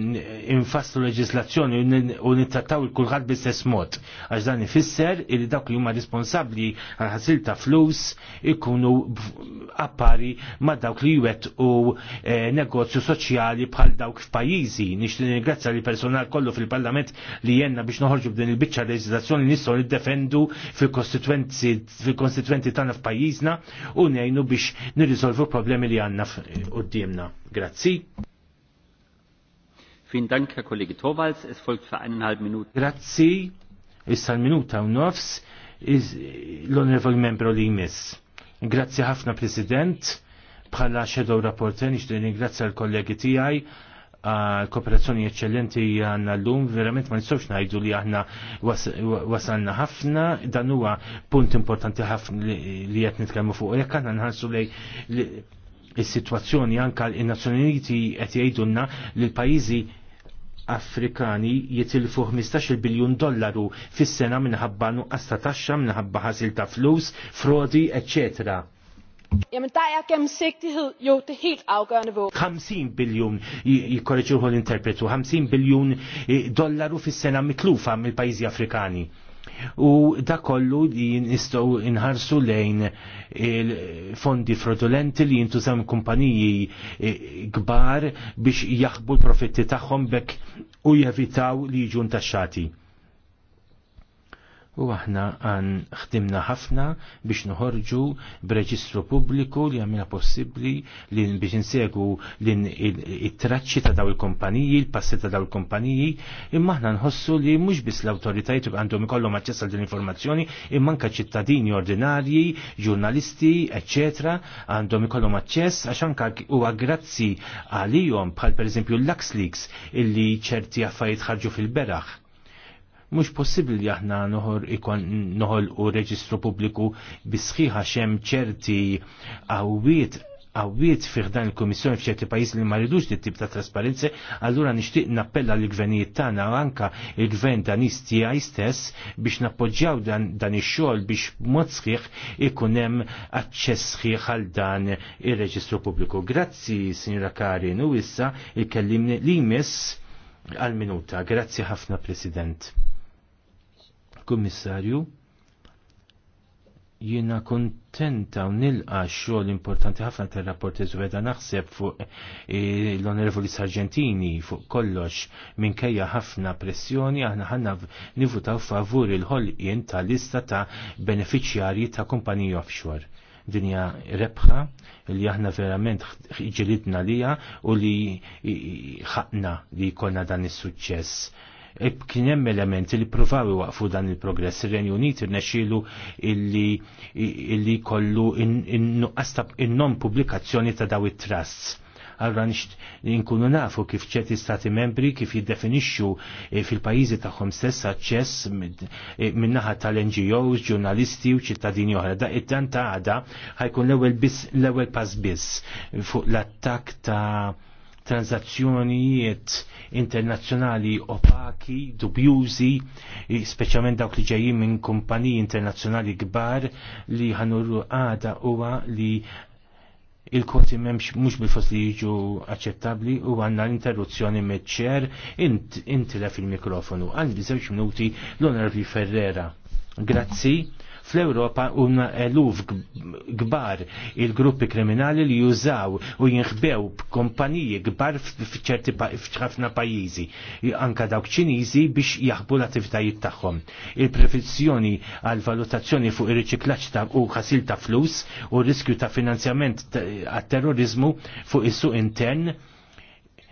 infasslu leġislazzjoni u nittrattaw il kulħadd bl-istess mod għax dan ifisser li dawk li huma responsabbli għal ħasil ta' flus ikunu appari ma' dawk li jwet u e, negozju soċjali bħal dawk f'pajjiżi. Nixtieq ningrazzja li personal kollu fil-Parlament li jenna biex noħorġu b'din il-biċċa leġislazzjoni nistgħu niddefendu fil-kostituenzi fil-konstituenti tagħna f'pajjiżna u ngħinu biex nirriżolvu problemi li għandna qudiemna. Grazzi. Vielen Dank, Herr Kollege Torvalds. Es folgt für eineinhalb Minuten. Grazzi. Issa l-minuta u nofs l-Honorable Membro li jmiss. Grazzi ħafna, President. Bħala Shadow Rapporter, nixtieq ringrazzja l-kollegi tiegħi kooperazzjoni eccellenti għanna l-lum, verament ma nistawx najdu li għanna wasalna ħafna, dan huwa punt importanti ħafna li għet nitkellmu fuq, jekk għanna nħarsu li il-situazzjoni anka l-Nazzjoni Uniti qed jgħidulna li l-pajjiżi Afrikani jitilfu 15 biljun dollaru fis-sena minħabba nuqqas ta' taxxa, minħabba ħasil ta' flus, frodi, eccetera Jamen, der er gennemsigtighed jo det er helt afgørende våben. 50 i korrektur l interpretu, 50 billion eh, dollaru fis-sena mitlufa mill-pajjiżi Afrikani. U da kollu nistgħu inħarsu lejn fondi fraudulenti li jintużaw kumpaniji kbar eh, biex jaħbu l-profitti tagħhom bekk u jevitaw li jiġu ntaxxati u aħna għan ħdimna ħafna biex nħorġu b'reġistru pubbliku li għamina possibbli li biex insegu it-traċċi ta' daw il-kumpaniji, il-passi ta' daw il kompaniji imma aħna nħossu li mhux biss l u għandhom ikollhom aċċess għal din informazzjoni, imma anke ċittadini ordinarji, ġurnalisti, eccetera, għandhom ikollhom aċċess għax anke huwa grazzi għalihom bħal pereżempju l-Lux Leaks illi ċerti affarijiet ħarġu fil-beraħ Mhux possibbli li aħna noħor ikon noħol u reġistru pubbliku bisħiħa xem ċerti għawiet għawiet fiħdan il-Komissjoni f'ċerti pajis li ma rridux dit tip ta' trasparenza, allura nixtieq nappella l gvernijiet tagħna u anka il-gvern dan tiegħi stess biex nappoġġjaw dan, ix-xogħol biex mod sħiħ ikun hemm aċċess sħiħ għal dan ir-Reġistru Pubbliku. Grazzi, Sinjura Karin, u issa il-kellimni li jmiss għal-minuta. Grazzi ħafna, President. Kummissarju, jiena kontenta u nilqa xogħol importanti ħafna tar rapporti żweda naħseb fuq eh, l-Onorevoli Sargentini fuq kollox minkejja ħafna pressjoni aħna ħanna nivutaw favur il-ħolqien ta' lista ta' beneficjarji ta' kumpaniji offshore dinja rebħa li aħna verament ġilidna lija u li ħaqna li jkollna dan is-suċċess E kien hemm elementi li provaw waqfu dan il-progress. Ir-Renju Unit irnexxielu illi kollu in-non pubblikazzjoni ta' daw it-trusts għarra nkunu nafu kif ċerti stati membri kif jiddefinixxu e, fil-pajjiżi tagħhom stess aċċess e, minnaħa tal-NGOs, ġurnalisti u ċittadini oħra. Da id-dan ta' għada ħajkun l-ewwel l-ewwel pass biss fuq l-attakk ta' tranzazzjonijiet internazzjonali opaki, dubjużi, speċjalment dawk li ġejjin minn kumpaniji internazzjonali kbar li ħanurru għada huwa li il-kwoti memx mux bil-fos li jiġu accettabli u għanna l-interruzzjoni meċċer intilef il-mikrofonu. Għandi zewċ minuti l-onorvi Ferrera. Grazzi fl-Europa unna eluf gbar il-gruppi kriminali li jużaw u jinħbew kompaniji gbar f'ċerti f'ħafna pajjiżi, anka dawk ċiniżi biex jaħbu l-attivitajiet tagħhom. Il-prefizzjoni għal valutazzjoni fuq ir-riċiklaġġ ta' u ħasil ta' flus u riskju ta' finanzjament għat-terrorizmu fuq is-suq intern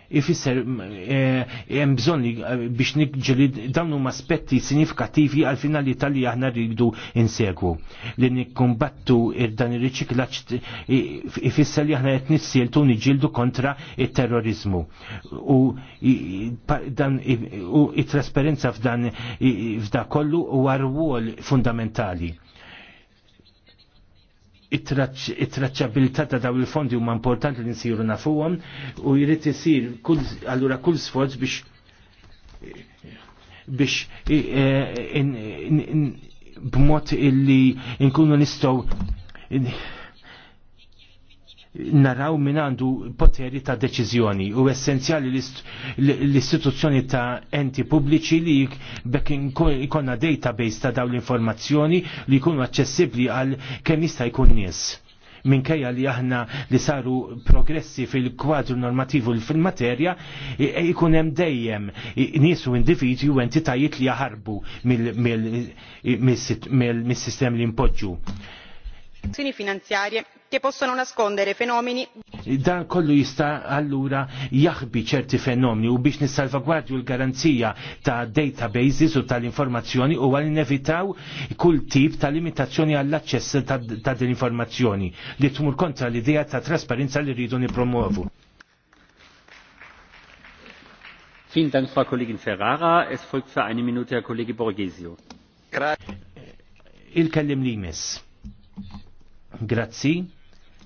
ifisser eh, hemm bżonn eh, biex niġġeli dawn huma aspetti sinifikattivi għal finalità li aħna rridu insegwu. Li nikkumbattu dan ir-riċiklaġġ eh, ifisser li aħna qed nissieltu niġġieldu kontra it-terrorizmu. U dan it-trasparenza f'dan f'da kollu huwa rwol fundamentali it-traċċabilità ta' daw il-fondi huma importanti li nsiru nafuhom u jrid isir kull allura kull sforz biex biex e- b'mod illi nkunu nistgħu naraw minn għandu poteri ta' deċiżjoni u essenzjali l-istituzzjoni ta' enti pubbliċi li bekk ikonna database ta' daw l-informazzjoni li jkunu aċċessibbli għal kemm jista' jkun nies minkejja li aħna li saru progressi fil-kwadru normativu fil-materja ikun e hemm dejjem nisu individwi u entitajiet li jaħarbu mill-sistem li impoġġu. Azzjoni finanziarie che possono nascondere fenomeni. Dan kollu jista' allura jaħbi ċerti fenomeni u biex nissalvagwardju l-garanzija ta' databases u tal-informazzjoni u għal nevitaw kull tip ta' limitazzjoni għall-aċċess ta', din informazzjoni li tmur kontra l-idea ta' trasparenza li rridu nipromuovu. Vielen Dank, Frau Kollegin Ferrara. Es folgt für eine Minute Herr Kollege Borghesio. Il-kellim li jmiss. Grazzi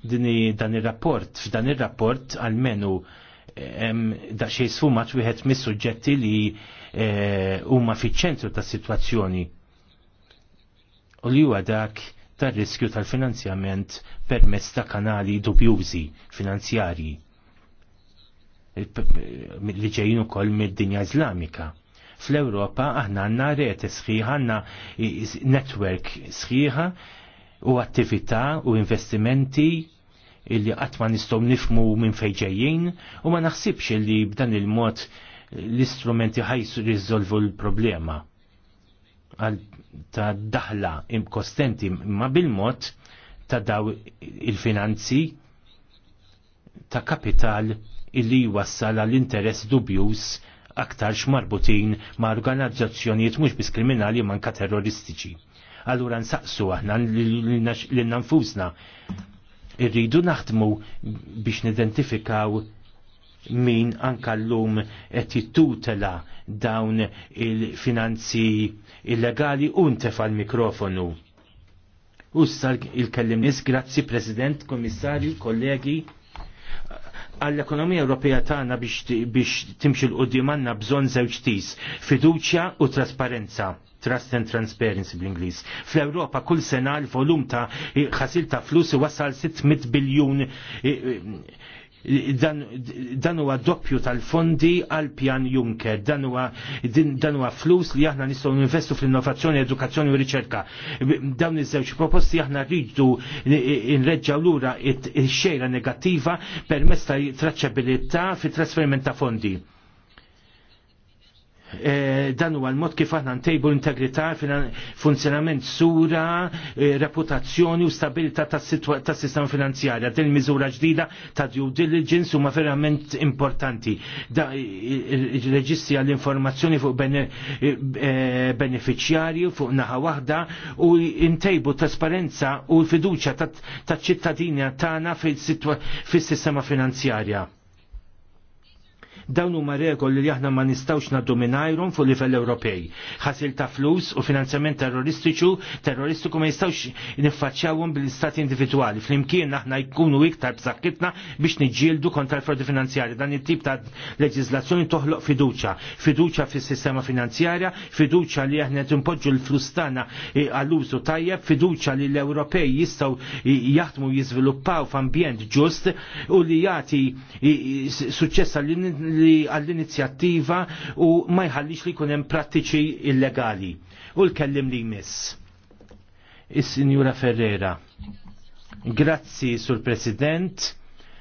dini dan il-rapport. F'dan il-rapport għalmenu da xej sfumat wieħed mis-suġġetti li eh, huma fiċ-ċentru tas-sitwazzjoni. U li huwa dak tar-riskju tal-finanzjament permezz ta' kanali dubjużi finanzjarji e, li ġejjin ukoll mid-dinja Iżlamika fl ewropa aħna għanna rete sħiħa, għanna network sħiħa u attività u investimenti illi qatt ma nistgħu nifmu minn fejġejjin u ma naħsibx li b'dan il-mod l-istrumenti ħajsu rizolvu l-problema ta' daħla imkostenti ma bil-mod ta' daw il-finanzi ta' kapital illi jwassal għall interess dubjus aktar marbutin ma' organizzazzjonijiet mhux biskriminali manka terroristiċi Allura nsaqsu aħna l-nanfusna. Irridu naħdmu biex nidentifikaw min anka l-lum qed dawn il-finanzi illegali u ntefa l-mikrofonu. Ussar il-kellim grazzi President, Komissarju, kollegi għall-ekonomija Ewropea tagħna biex timxi l-qudiem għandna bżonn żewġ tis, fiduċja u trasparenza. Trust and Transparency bl-Inglis. Fl-Europa kull sena l-volum ta' ħasil ta' flus wasal 600 biljun dan huwa doppju tal-fondi għal pjan Juncker, dan huwa flus li aħna nistgħu ninvestu fl-innovazzjoni, edukazzjoni u riċerka. Dawn iż-żewġ proposti aħna rridu nreġġaw lura x-xejra negattiva permezz ta' traċċabilità fit trasferiment ta' fondi. Eh, dan huwa l-mod kif aħna ntejbu integrità, funzjonament sura, eh, reputazzjoni u stabilità tas-sistema finanzjarja. Din miżura ġdida ta' due diligence huma verament importanti. Da reġistri għall-informazzjoni fuq eh, beneficjarju fuq naħa waħda u ntejbu trasparenza u l-fiduċja taċ ċittadini tagħna fis-sistema finanzjarja Dawn huma regoli li aħna ma nistgħux nagħdu mingħajrhom fuq livell Ewropej. Ħasil ta' flus u finanzjament terroristiċu terroristiku ma jistgħux niffaċċjawhom bil istati individwali. Flimkien aħna jkunu iktar b'saħħitna biex niġġieldu kontra l-frodi finanzjarji. Dan it-tip ta' leġiżlazzjoni toħloq fiduċja, fiduċja fis-sistema finanzjarja, fiduċja li aħna tinpoġġu l-flus tagħna eh, għall-użu tajjeb, fiduċja li l-Ewropej jistgħu eh, jaħdmu jiżviluppaw f'ambjent ġust u li jagħti eh, suċċessa li għall-inizjattiva u ma jħallix li kunem prattiċi illegali. U l-kellim li jmiss. Is-Sinjura Ferrera. Grazzi, Sur President.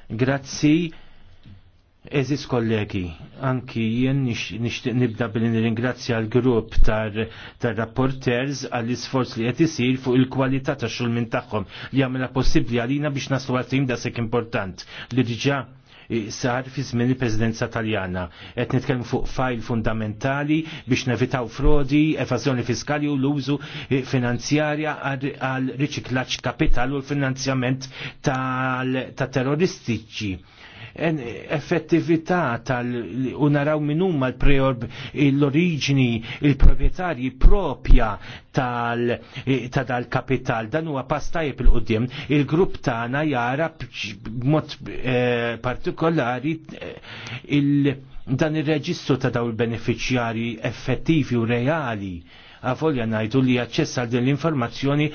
Grazzi. Eżis kollegi, anki jien nixtieq nibda billi nirringrazzja l-grupp tar-rapporters għall-isforz li qed isir fuq il-kwalità tax-xulmin tagħhom li jagħmilha possibbli għalina biex naslu għal tim sek important li diġà sar fi żmien il-Presidenza Taljana. Qed nitkellmu fuq fajl fundamentali biex nevitaw frodi, evażjoni fiskali u l-użu finanzjarja għal riċiklaġġ kapital u l-finanzjament tal-terroristiċi. Ta effettività tal u naraw minn huma l origini il-proprjetarji propja tal e, ta' dal kapital dan huwa pastajb il qudiem il-grupp tagħna jara b'mod e, partikolari e, il dan ir-reġistru ta' daw il-beneficjari effettivi u reali għafolja najdu li għacċess għal din l-informazzjoni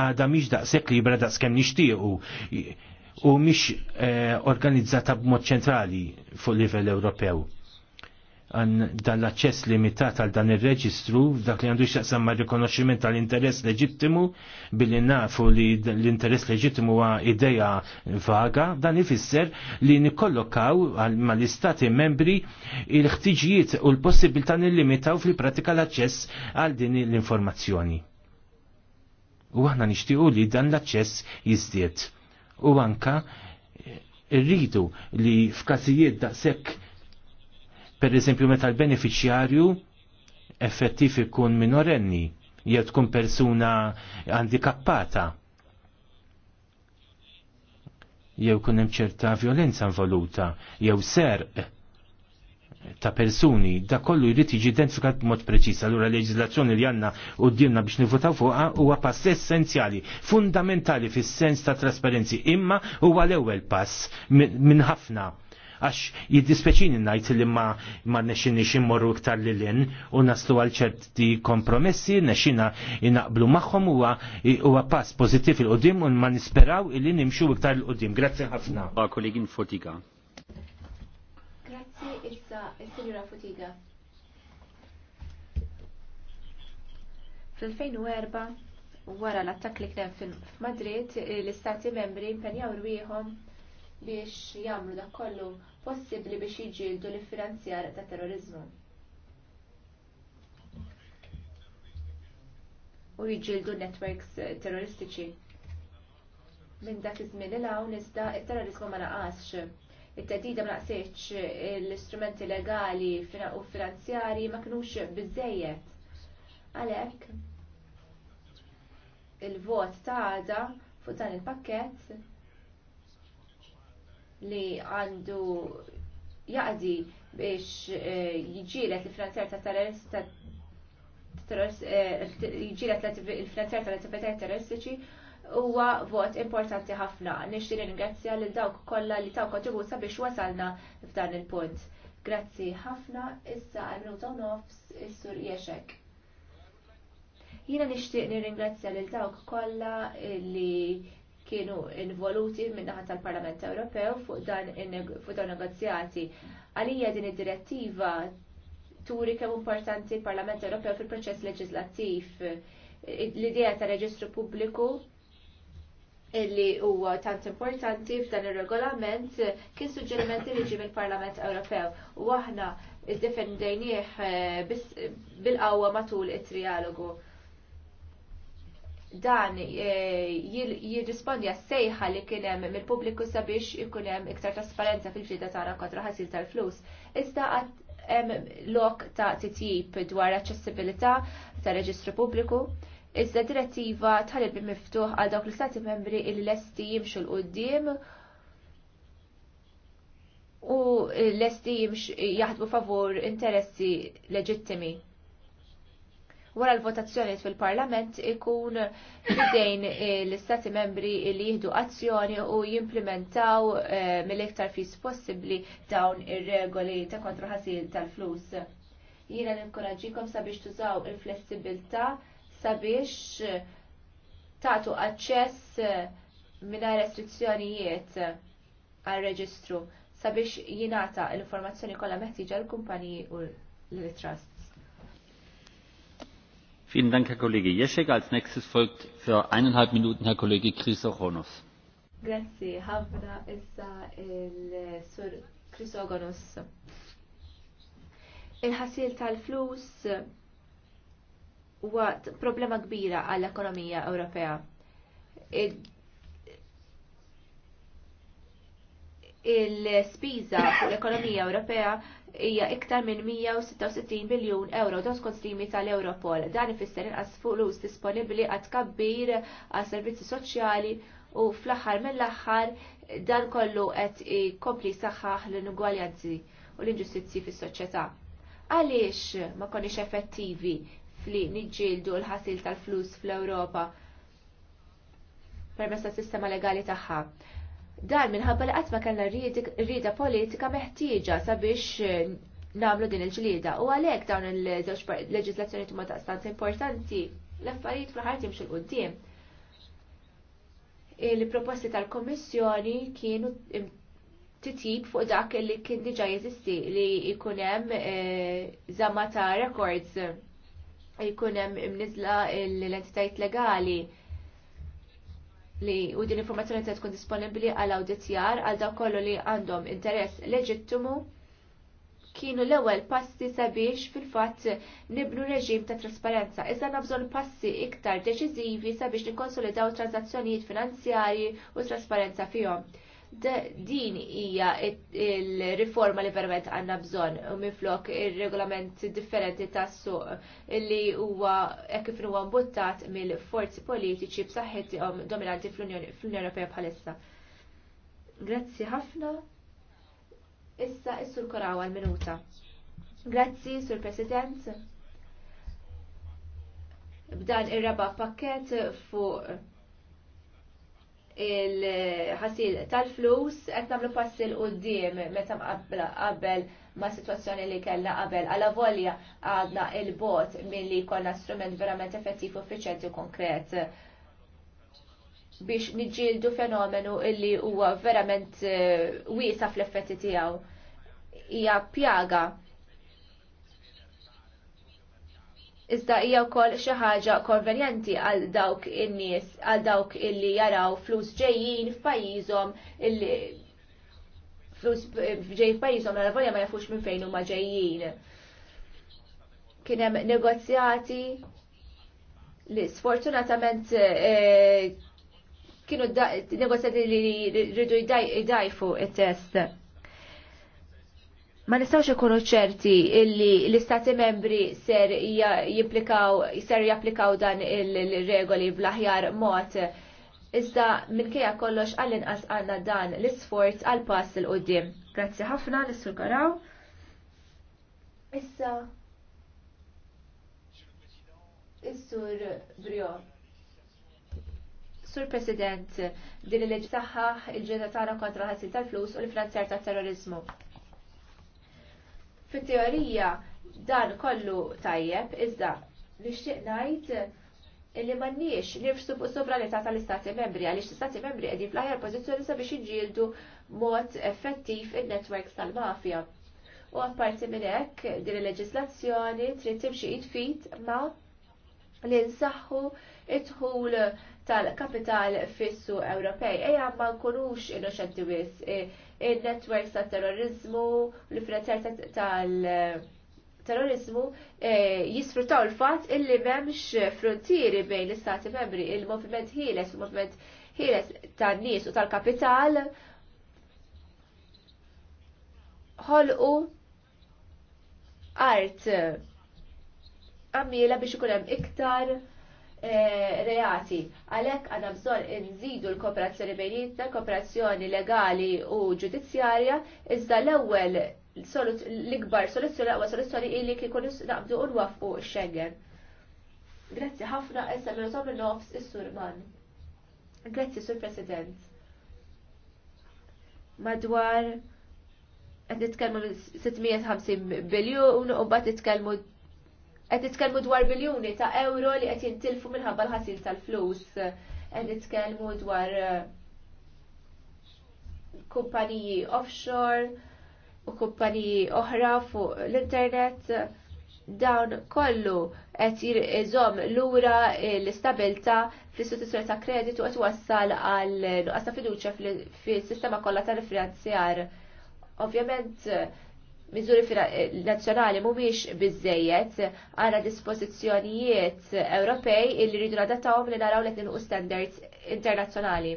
għada miex daqsek libra daqskem nishtiqu u mish eh, organizzata b'mod ċentrali fuq livell Ewropew. Għan dan l-aċċess limitat għal dan ir-reġistru dak li għandu x'aqsam ma' rikonoxximent tal-interess leġittimu billi nafu li l-interess leġittimu huwa ideja vaga, dan ifisser li nikollokaw mal-istati membri il-ħtiġijiet u l-possibilità nillimitaw fil-pratika l-aċċess għal din l-informazzjoni u aħna nixtiequ li dan l-aċċess jiżdied u anka rridu li f'każijiet daqshekk per eżempju meta l-beneficjarju effettiv ikun minorenni jew tkun persuna handikappata jew kun hemm ċerta violenza involuta jew serq ta' persuni, da kollu jrid jiġi identifikat b'mod preċiż, Allura l-leġiżlazzjoni li għandna qudiemna biex nivvotaw fuqha huwa pass essenzjali, fundamentali fis-sens ta' trasparenzi, imma huwa l-ewwel pass minn ħafna għax jiddispeċini najt li ma ma nexinni ximmorru iktar li l-in u naslu għal ċerti kompromessi nexina inaqblu maħħom u pass pozitif il-qoddim u ma nisperaw il-li nimxu iktar il-qoddim. Grazie ħafna. Kollegin Fotika issa il-Sinjura Futiga. Fil-2004, wara l-attak li kien f'Madrid, l-istati membri impenjaw rwieħom biex jagħmlu dak kollu possibbli biex jiġġieldu l-finanzjar ta' terrorizmu. U jiġġieldu networks terroristiċi. Minn dak iż-żmien il hawn iżda t terrorizmu ma naqasx it-tedida ma l-istrumenti legali u finanzjari ma kinux bizzejiet. Għalek, il-vot ta' għada fuq dan il-pakket li għandu jaqdi biex eh, jġilet il-finanzjar ta' terrorist eh, jiġilet il-finanzjar tal-attivitajiet terroristiċi huwa vot importanti ħafna. Nixtieq ringrazzja lil dawk kollha li taw kontribut sabiex wasalna f'dan il-punt. Grazzi ħafna issa għal minuta nofs is-sur Jexek. Jiena nixtieq nirringrazzja lil dawk kollha li kienu involuti minn naħa tal-Parlament Ewropew fuq dan negozjati. Għalija din id-direttiva turi kemm importanti l-Parlament Ewropew fil-proċess leġislattiv l-idea ta' reġistru pubbliku illi huwa tant importanti f'dan ir-regolament kien suġġerimenti li ġi mill-Parlament Ewropew u aħna iddefendejnieh eh, bil-qawwa matul it-trialogu dan eh, jirrispondi għas-sejħa li kien hemm mill-pubbliku sabiex ikun hemm iktar trasparenza fil-ġida tara kontra ħasil tal-flus. Iżda hemm lok ta' titjib dwar aċċessibilità ta' reġistru pubbliku, Iżda direttiva tal-ib miftuħ għal dawk l-istati membri il lesti jimxu l-qoddim u l-lesti jaħdmu favur interessi leġittimi. Wara l-votazzjoni fil-Parlament ikun bidejn l-istati membri li jihdu azzjoni u jimplementaw eh, mill-iktar fis possibbli dawn ir-regoli ta' kontraħasil tal-flus. Jiena ninkoraġikom sabiex tużaw il-flessibilta' sabiex eh, tagħtu aċċess eh, minna restrizzjonijiet eh, għal-reġistru sabiex jingħata l-informazzjoni kolla meħtieġa l-kumpaniji u l trust Vielen Dank, Herr Kollege Jeschek. Als nächstes folgt für eineinhalb Minuten Herr Kollege Chris Ogonos. Grazie, ħafna issa il-sur Chrysogonos. Il-ħasil tal-flus huwa problema kbira għall-ekonomija Ewropea. Il-spiża fuq l-ekonomija Ewropea hija iktar minn 166 biljun euro dan skont stimi tal-Europol. Dan ifisser inqas flus disponibbli għad kabbir għas servizzi soċjali u fl-aħħar mill-aħħar dan kollu qed ikompli saħħaħ l-inugwaljanzi u l-inġustizzi fis-soċjetà. Għaliex ma konniex effettivi li niġġieldu l-ħasil tal-flus fl-Ewropa permezz tas-sistema legali tagħha. Dan minħabba li qatt ma kellna rrieda politika meħtieġa sabiex eh, nagħmlu din il-ġlieda u għalhekk dawn il-żewġ leġislazzjoni huma taqstanza importanti l-affarijiet fl-aħħar timxu l-qudiem. Il-proposti tal-Kommissjoni kienu titjib fuq dak li kien diġa jeżisti li jkun hemm eh, żamma ta' records jkun hemm imnizla l-entitajiet legali li u din informazzjoni se tkun disponibbli għal awditjar għal dawk kollu li għandhom interess leġittimu kienu l-ewwel passi sabiex fil-fatt nibnu reġim ta' trasparenza. Iżda nabżon passi iktar deċiżivi sabiex nikkonsolidaw transazzjonijiet finanzjarji u trasparenza fihom din hija il-riforma li verament għanna bżon u minflok il-regolament differenti tas-suq li huwa hekk kif huwa mbuttat mill-forzi politiċi b'saħħithom dominanti fl-Unjoni Ewropea bħalissa. Grazzi ħafna. Issa is-sur għal minuta Grazzi, sur President. B'dan ir-raba' pakket fuq il-ħasil tal-flus qed nagħmlu passi l qudiem meta qabel ma' situazzjoni li kellna qabel għala volja għadna il-bot milli jkollna strument verament effettiv u konkret biex niġġieldu fenomenu illi huwa verament eh, wiesa fl-effetti tiegħu hija pjaga iżda hija wkoll xi ħaġa konvenjenti għal dawk in-nies għal dawk illi jaraw flus ġejjin f'pajjiżhom illi flus ġej f'pajjiżhom la volja ma jafux minn fejn huma ġejjin. Kien hemm negozjati li sfortunatament eh, kienu negozjati li rridu jdajfu it-test ma nistawx ikunu ċerti illi l-istati membri ser jimplikaw, ser japplikaw dan il-regoli bl-aħjar mod. Iżda minkeja kollox għall-inqas għanna dan l-isforz għal pass il qoddim Grazzi ħafna l Karaw. Issa. Is-sur Brio. Sur President, din il-leġ il-ġeda tara kontra ħassil tal-flus u l-finanzjar tal-terrorizmu. Fit-teorija dan kollu tajjeb, iżda nixtieq ngħid li manniex nirfsu fuq sovranità tal-istati membri, għaliex l-istati membri għedin fl pozizjoni pożizzjoni sabiex iġildu mod effettiv in-networks tal-mafja. U apparti minn hekk din il-leġislazzjoni trid timxi id-fit ma li nsaħħu id-dħul tal-kapital fissu Ewropej. Ejja ma nkunux innoċenti wis e, il-networks ta' terrorizmu, l-finanzjar tal-terrorizmu eh, eh, jisfrutaw l-fat illi memx frontieri bejn l-istati membri, il-movement ħieles, il-movement ħieles tan-nies u tal-kapital ħolqu art għammiela biex ikun hemm iktar Eh, reati. Għalek għana bżon nżidu l-kooperazzjoni bejnietna, kooperazzjoni legali u ġudizzjarja, iżda l-ewwel l-ikbar soluzzjoni għu soluzzjoni illi kikun naqbdu u nwafqu Schengen. Grazzi ħafna essa minn użom l-nofs is-surman. Grazzi, Sur President. Madwar nitkellmu 650 biljun u mbagħad nitkellmu qed nitkellmu dwar biljuni ta' euro li qed jintilfu minħabba l-ħasil tal-flus. Qed nitkellmu dwar eh, kumpaniji offshore u kumpaniji oħra fuq l-internet dawn kollu qed iżomm lura l-istabilta fis istituzzjoni ta' kreditu qed wassal għal nuqqas ta' fiduċja fis-sistema kollha tal-finanzjar. Ovvjament miżuri eh, nazzjonali mhumiex bizzejiet għandna dispożizzjonijiet Ewropej illi rridu nadattawhom li naraw li nilqu standards internazzjonali.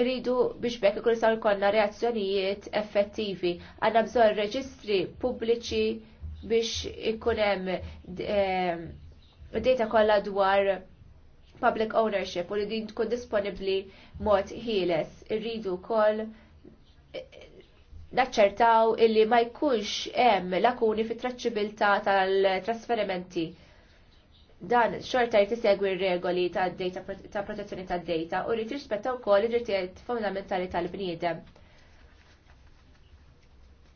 Rridu biex bekk ikun saw konna reazzjonijiet effettivi. Għanna bżon reġistri pubbliċi biex ikun hemm eh, data kollha dwar public ownership u li din tkun disponibbli mod ħieles. Irridu wkoll naċċertaw illi ma jkunx hemm lakuni fit traċċibilità tal-trasferimenti. Dan xorta jrid isegwi r-regoli tad-data ta' protezzjoni tad-data u rrid rispetta wkoll id-drittijiet fondamentali tal-bniedem.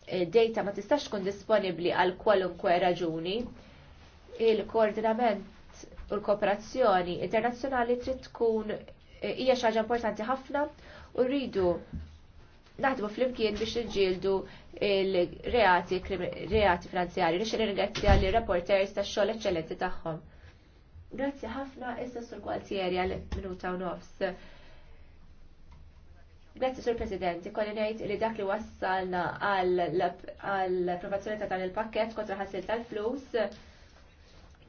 Eh, data ma tistax tkun disponibbli għal kwalunkwe raġuni. Il-koordinament u l-kooperazzjoni internazzjonali trid tkun eh, hija xi ħaġa importanti ħafna u rridu naħdmu fl-imkien biex nġildu il-reati reati finanzjari, nix nirringrazzja li reporters ta' xogħol eċċellenti tagħhom. Grazzi ħafna issa sur kwaltieri għal minuta u nofs. Grazzi sur President, ikolli ngħid li dak li wassalna għall-approvazzjoni ta' dan il-pakket kontra ħassil tal-flus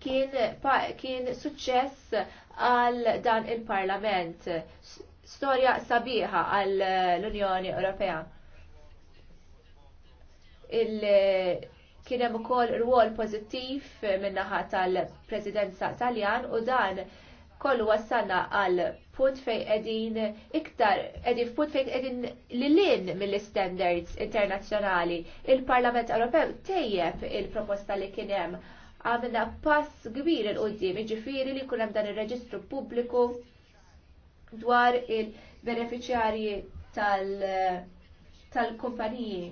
kien, kien suċċess għal dan il-parlament storja sabiħa għall eh, l-Unjoni Ewropea. Il eh, kien hemm ukoll rwol pożittiv min-naħa tal-Presidenza Taljan u dan kollu wassalna għal punt fejn qegħdin iktar edin f'punt fejn qegħdin lilin mill-standards internazzjonali. Il-Parlament Ewropew tejjeb il-proposta li kien hemm għamilna pass kbir il-qudiem, jiġifieri li jkun hemm dan ir-reġistru pubbliku dwar il-beneficjarji tal-kumpaniji.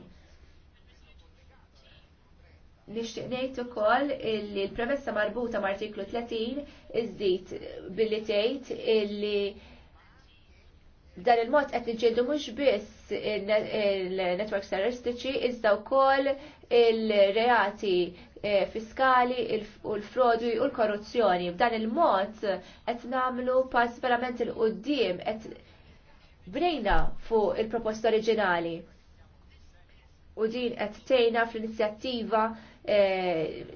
Nixtieq ngħid ukoll li l-premessa marbuta ma' artiklu 30 iżdid billi tgħid illi dan il-mod qed niġġieldu mhux biss il-network terroristiċi iżda wkoll il-reati E, fiskali u l-frodi u l-korruzzjoni. B'dan il-mod qed nagħmlu pass verament il-qudiem qed brejna fuq il-proposta oriġinali. U din qed tgħinha fl-inizjattiva e,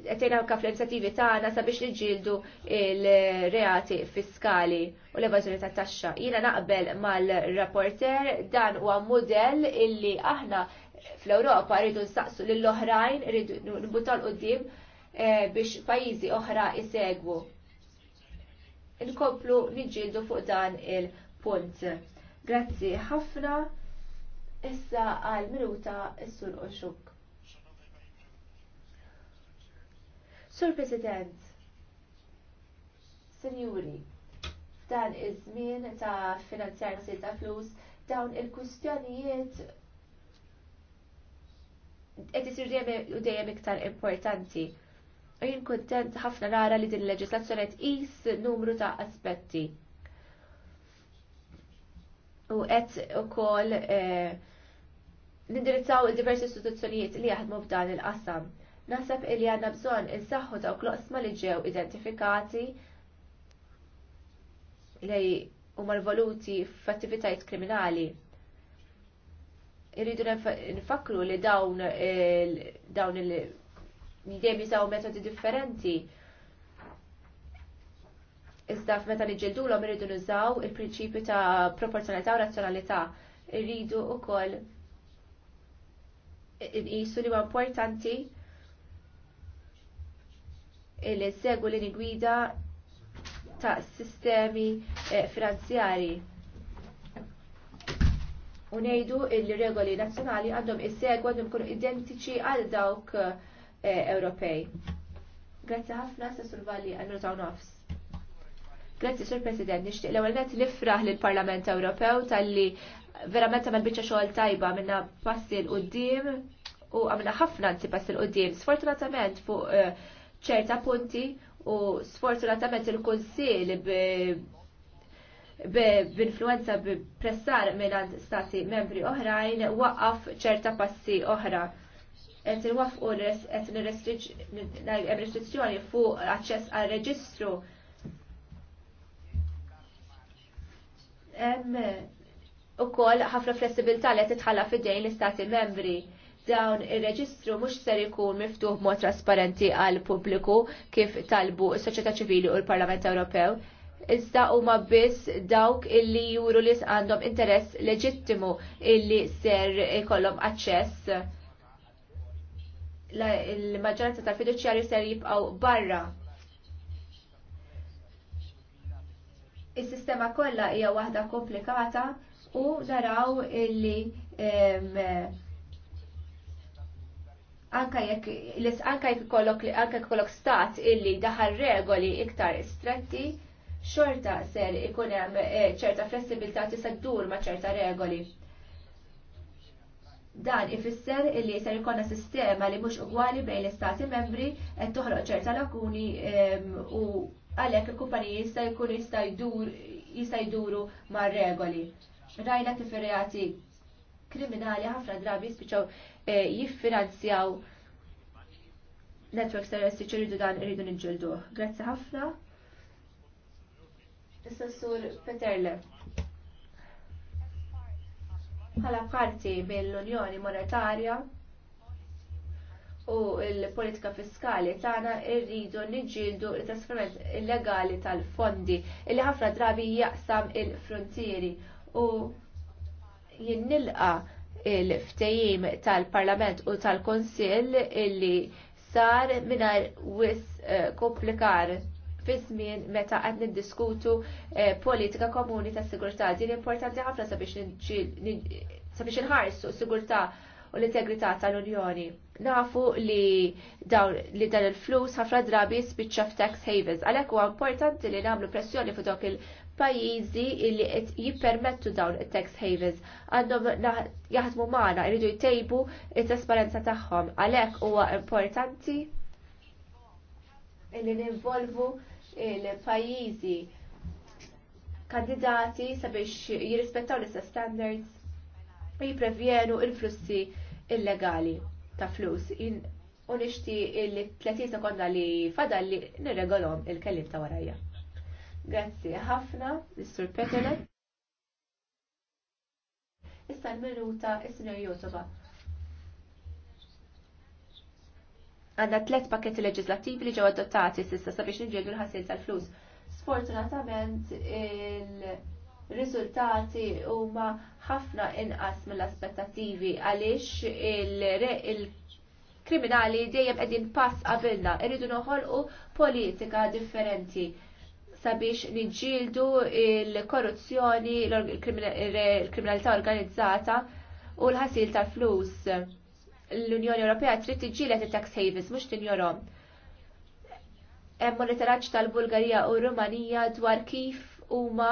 qed tgħinha fl-inizjattivi tagħna sabiex niġġieldu il-reati fiskali u l-evażjoni tat-taxxa. Jiena naqbel mal-rapporter dan huwa mudell illi aħna fl-Ewropa rridu nsaqsu lill-oħrajn, rridu l qudiem eh, biex pajjiżi oħra jsegwu. Inkomplu niġieldu fuq dan il-punt. Grazzi ħafna. Issa għal minuta s-sur Oxuk. Sur President, Senjuri, dan iż-żmien ta' finanzjar ta' flus dawn il-kustjonijiet qed isir dejjem iktar importanti. U jien kuntent ħafna nara li din il-leġislazzjoni qed qis numru ta' aspetti. U qed ukoll eh, nindirizzaw il-diversi istituzzjonijiet li jaħdmu f'dan il-qasam. Naħseb li għandna bżonn insaħħu dawk l-oqsma li ġew identifikati li huma l-voluti f'attivitajiet kriminali irridu nfakru li dawn dawn il-dejjem jisaw metodi differenti. Iżda f'meta li ġildulhom irridu nużaw il-prinċipju ta' proporzjonalità u razzjonalità. Irridu wkoll nqisu li huwa importanti li segwu l gwida ta' sistemi eh, finanzjari u ngħidu l regoli nazzjonali għandhom issegwa għandhom ikunu identiċi għal dawk eh, Ewropej. Grazzi ħafna sa survalli għal taw nofs. Grazzi Sur President, nixtieq l-ewwel nett nifraħ lill-Parlament Ewropew talli verament għamel biċċa xogħol tajba minna passi l qoddim u għamilna ħafna anzi passi l qoddim Sfortunatament fuq eh, ċerta punti u sfortunatament il konsil b'influenza b'pressar mela stati membri oħrajn waqqaf ċerta passi oħra. Qed inwaffqu qed hemm restrizzjoni fuq aċċess għal reġistru. U ukoll ħafna flessibilità li qed titħalla fidejn l-istati membri dawn ir-reġistru mhux ser ikun miftuħ mod trasparenti għal pubbliku kif talbu s-soċjetà ċivili u l-Parlament Ewropew iżda huma biss dawk illi juru li għandhom interess leġittimu illi ser ikollhom aċċess il-maġġoranza tal-fiduċjarju ser jibqgħu barra. Is-sistema kollha hija waħda komplikata u naraw illi anka jekk anka jekk anka jekk stat illi daħal regoli iktar stretti xorta ser ikun hemm eh, ċerta flessibilità tista' ddur ma' ċerta regoli. Dan ifisser li ser ikonna sistema li mhux ugwali bejn l-istati membri qed toħroq ċerta lakuni ehm, u għalhekk il-kumpaniji jista' jkun jista' jduru ma' regoli. Rajna kif reati kriminali ħafna drabi spiċaw eh, jiffinanzjaw networks terroristiċi rridu dan iridu nġilduh. Grazzi ħafna. Sessur sur Peterle. Bħala parti mill-Unjoni Monetarja u l-politika fiskali tagħna rridu niġġieldu l trasferment illegali tal-fondi illi ħafna drabi jaqsam il-frontieri u jinnilqa il-ftejim tal-Parlament u tal-Konsill illi sar mingħajr wis eh, komplikar fi żmien meta qed niddiskutu eh, politika komuni ta' sigurtà. Din importanti ħafna sabiex inħarsu sigurtà u l-integrità tal-Unjoni. Nafu li li dan il-flus ħafna drabi spiċċa f'tax havens. Għalhekk huwa importanti li nagħmlu pressjoni fuq dawk il-pajjiżi li qed jippermettu dawn it-tax havens. Għandhom jaħdmu magħna jridu jtejbu it-trasparenza tagħhom. Għalhekk huwa importanti li ninvolvu il-pajjiżi kandidati sabiex jirrispettaw l-istess standards u jiprevjenu il-flussi illegali ta' flus. U nixti il-30 sekonda li fadalli nirregolhom il-kellim ta' warajja. Grazzi ħafna, Mr. Petelet. Issa l-minuta, is-Sinjor Jusoba. għanna tliet pakketti leġislattivi li ġew adottati s'issa sabiex niġġieldu l-ħasil tal-flus. Sfortunatament il-riżultati huma ħafna inqas mill-aspettattivi għaliex il-kriminali dejjem qegħdin pass qabilna, irridu noħolqu politika differenti sabiex niġġieldu il-korruzzjoni, il-kriminalità organizzata u l-ħasil tal-flus l-Unjoni Ewropea trid tiġilet it-tax havens mhux tinjorhom. Hemm monitoraġġ tal-Bulgarija u Rumanija dwar kif huma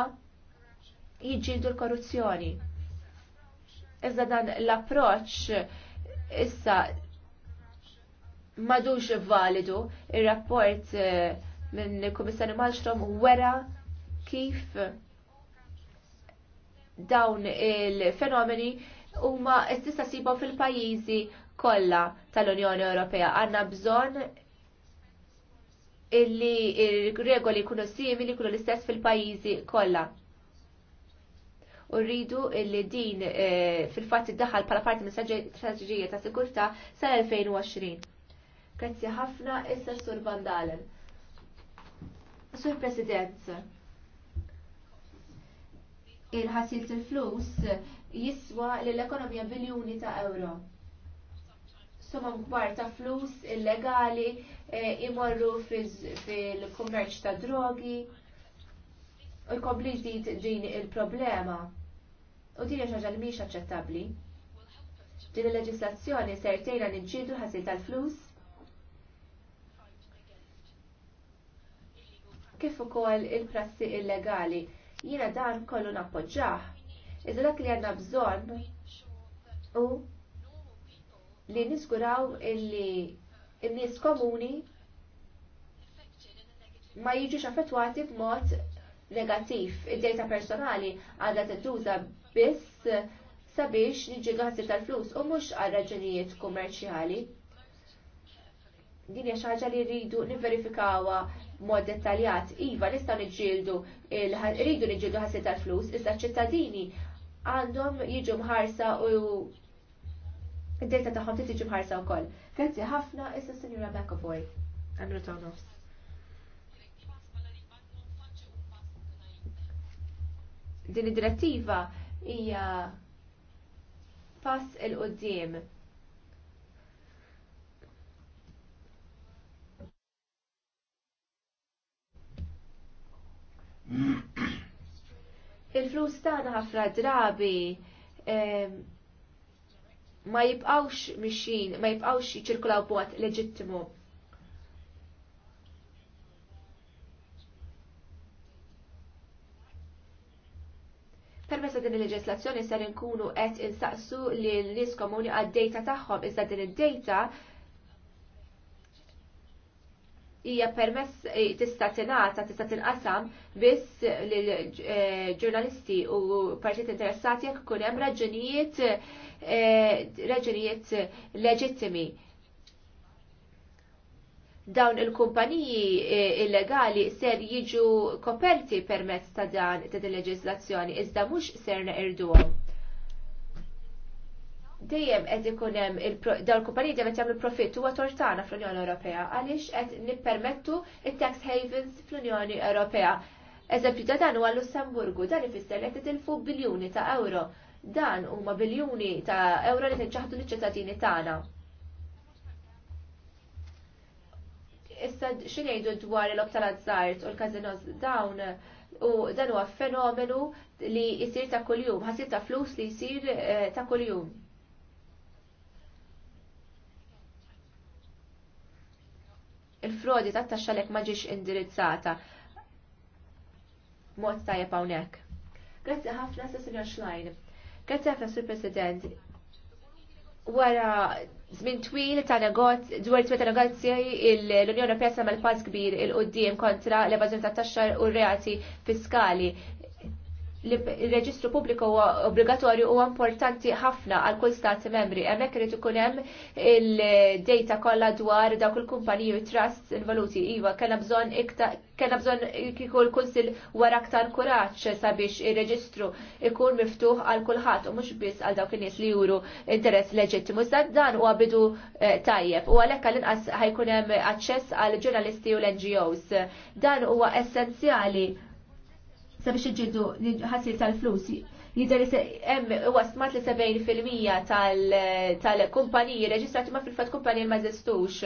jiġġieldu l-korruzzjoni. Iżda dan l-approċċ issa madux validu ir-rapport eh, minn Kummissarju Malmström wera kif dawn il-fenomeni huma tista' sibhom fil-pajjiżi kollha tal-Unjoni Ewropea għandna bżonn illi regoli jkunu simili jkunu l-istess fil-pajjiżi kollha. U rridu illi din e, fil-fatt iddaħħal bħala parti minn strateġija ta' sigurtà sal-2020. Grazzi ħafna issa Sur Van Dalen. Sur President, il-ħasil tal-flus jiswa l-ekonomija biljuni ta' euro somma kbar ta' flus illegali eh, imorru fil-kummerċ ta' drogi u jkompli ġdid din il-problema. U din xaġa li mhix aċċettabbli. Din il-leġislazzjoni sertejna niġġieldu ħasil tal-flus kif ukoll il-prassi illegali. Jiena dan kollu nappoġġah. Iżda dak li għandna bżonn u li nisguraw illi n-nies komuni ma jiġux affettwati b'mod negattiv. id dejta personali għadha tintuża biss sabiex niġi għazzi tal-flus u mhux għal raġunijiet kummerċjali. Din hija xi ħaġa li rridu nivverifikawha mod dettaljat. Iva, nistaw nġildu, rridu nġildu ħassi tal-flus, issa ċittadini għandhom jiġu mħarsa u Id-data tagħhom tiġi bħarsa wkoll. Grazzi ħafna issa Sinjura McAvoy. Emru ta' nofs. Din id-direttiva hija pass il-qudiem (coughs) il-flus tagħna ħafna drabi ehm, ma jibqawx mixin, ma jibqawx jiċirkulaw bot leġittimu. Permessa din il-leġislazzjoni ser inkunu qed insaqsu li l-nies komuni għad-dejta tagħhom iżda din id-dejta hija permess eh, tista' tingħata tista' tinqasam biss lil eh, ġurnalisti u partit interessati jekk ikun hemm raġunijiet eh, raġunijiet leġittimi dawn il-kumpaniji illegali ser jiġu koperti permezz ta' dan ta' din leġislazzjoni iżda mhux ser irduhom dejjem qed ikun hemm dawn il-kumpaniji dejjem qed jagħmlu profitt huwa tortana fl-Unjoni Ewropea għaliex qed nippermettu it-tax havens fl-Unjoni Ewropea. Eżempju ta' dan huwa Lussemburgu, dan ifisser qed fuq biljuni ta' euro. Dan huma biljuni ta' euro li tinċaħdu liċ-ċittadini tagħna. Issa x'ingħidu dwar il-lob tal-azzart u l-kazinos dawn u dan huwa fenomenu li jsir ta' kuljum, ħasib ta' flus li jsir eh, ta' kuljum. il-frodi ta' taxxa lek ma ġiex indirizzata. Mod tajjeb hawnhekk. Grazzi ħafna sa' Sinjor Schlein. Grazzi ħafna Sur President. Wara żmien twil ta' negozj, dwar twil ta' negozji l-Unjoni Europea sama l-pass kbir il-qoddim kontra l-evażjoni ta' taxxa u r reati fiskali il-reġistru pubbliku huwa obbligatorju huwa importanti ħafna għal kull stat membri. Hemmhekk irid ikun hemm il-data kollha dwar dawk il-kumpaniji u trust involuti. Iva, kellna bżonn iktar kellna bżonn kieku l-kunsil wara aktar kuraġġ sabiex ir-reġistru ikun miftuħ għal kulħadd u mhux biss għal dawk in-nies li juru interess leġittimu. Iżda dan huwa bidu eh, tajjeb u għalhekk għall-inqas ħajkun hemm aċċess għal ġurnalisti u l-NGOs. Dan huwa essenzjali sabiex iġidu ħassi tal-flus jidher hemm wasmat li 70% tal-kumpaniji reġistrati ma fil-fatt kumpaniji ma jeżistux.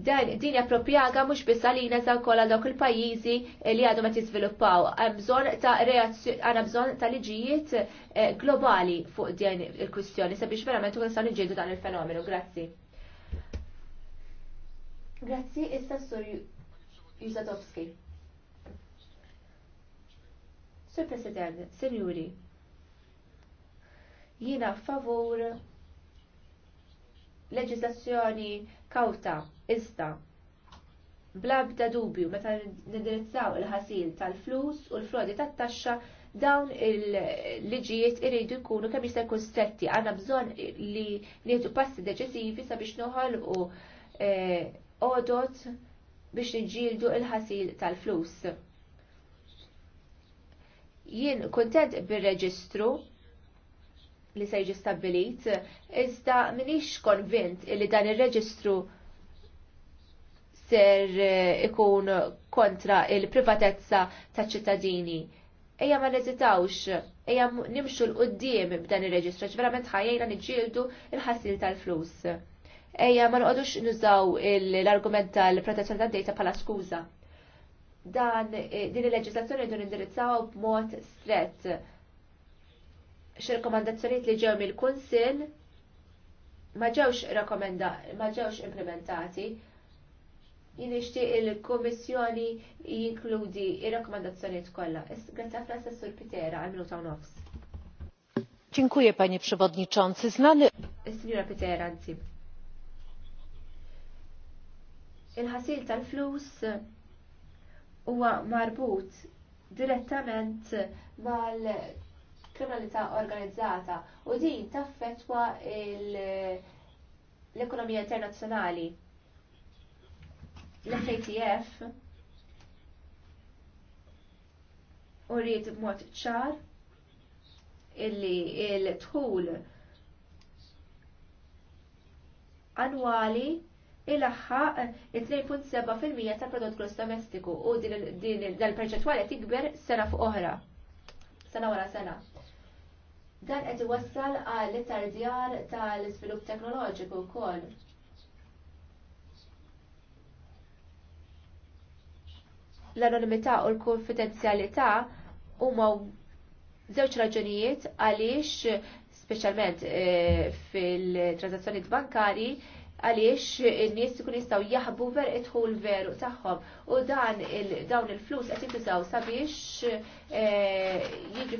Dan din appropjaga mhux biss għalina sa kollha dawk il-pajjiżi li għadhom qed jiżviluppaw. Hemm bżonn ta' għandna bżonn ta' liġijiet eh, globali fuq din il-kwistjoni sabiex verament ukoll nistgħu niġġieldu dan il-fenomenu. Grazzi. Grazzi issa sur Jusadowski. Sir President, Senjuri, jiena favur leġislazzjoni kawta, ista, bla bda dubju meta nindirizzaw il-ħasil tal-flus u l-frodi tat-taxxa dawn il-liġijiet iridu jkunu kemm jista' jkun stretti. Għandna bżonn li nieħdu passi deċisivi sabiex noħolqu eh, odot biex niġġieldu il-ħasil tal-flus. Jien kuntent bir-reġistru li se jiġi stabbilit, iżda minix konvint li dan ir-reġistru ser eh, ikun kontra il-privatezza ta' ċittadini. Ejja ma nezitawx, ejja nimxu l-qoddim b'dan ir-reġistru, verament ħajjajna niġġieldu il-ħassil tal-flus. Ejja ma noqogħdux nużaw l-argument tal-protezzjoni tad-dejta bħala skuża dan eh, din il-leġislazzjoni dun indirizzaw b'mod strett. X'rekomandazzjonijiet li ġew mill-Kunsill ma ġewx rekomenda ma ġewx implementati. Jien nixtieq il-Kummissjoni jinkludi ir-rakkomandazzjonijiet kollha. Grazzi ħafna Sur Pitera għal minuta u nofs. Dziękuję panie przewodniczący. Znany eh, Signora Pitera, anzi. Il-ħasil tal-flus huwa marbut direttament mal-kriminalità organizzata u din taffetwa l-ekonomija internazzjonali. L-FATF u rrid b'mod ċar illi l-tħul annwali il-ħaq 2.7% tal-prodott gross domestiku u din dal-perċetwali tikber sena fuq oħra. Sena wara sena. Dan qed iwassal għal tardjar tal-iżvilupp teknoloġiku wkoll. L-anonimità u l-konfidenzjalità huma żewġ raġunijiet għaliex speċjalment eh, fil-transazzjonijiet bankari għaliex in-nies ikun jistgħu jaħbu ver l veru tagħhom u dan dawn il-flus qed jintużaw sabiex eh, jiġu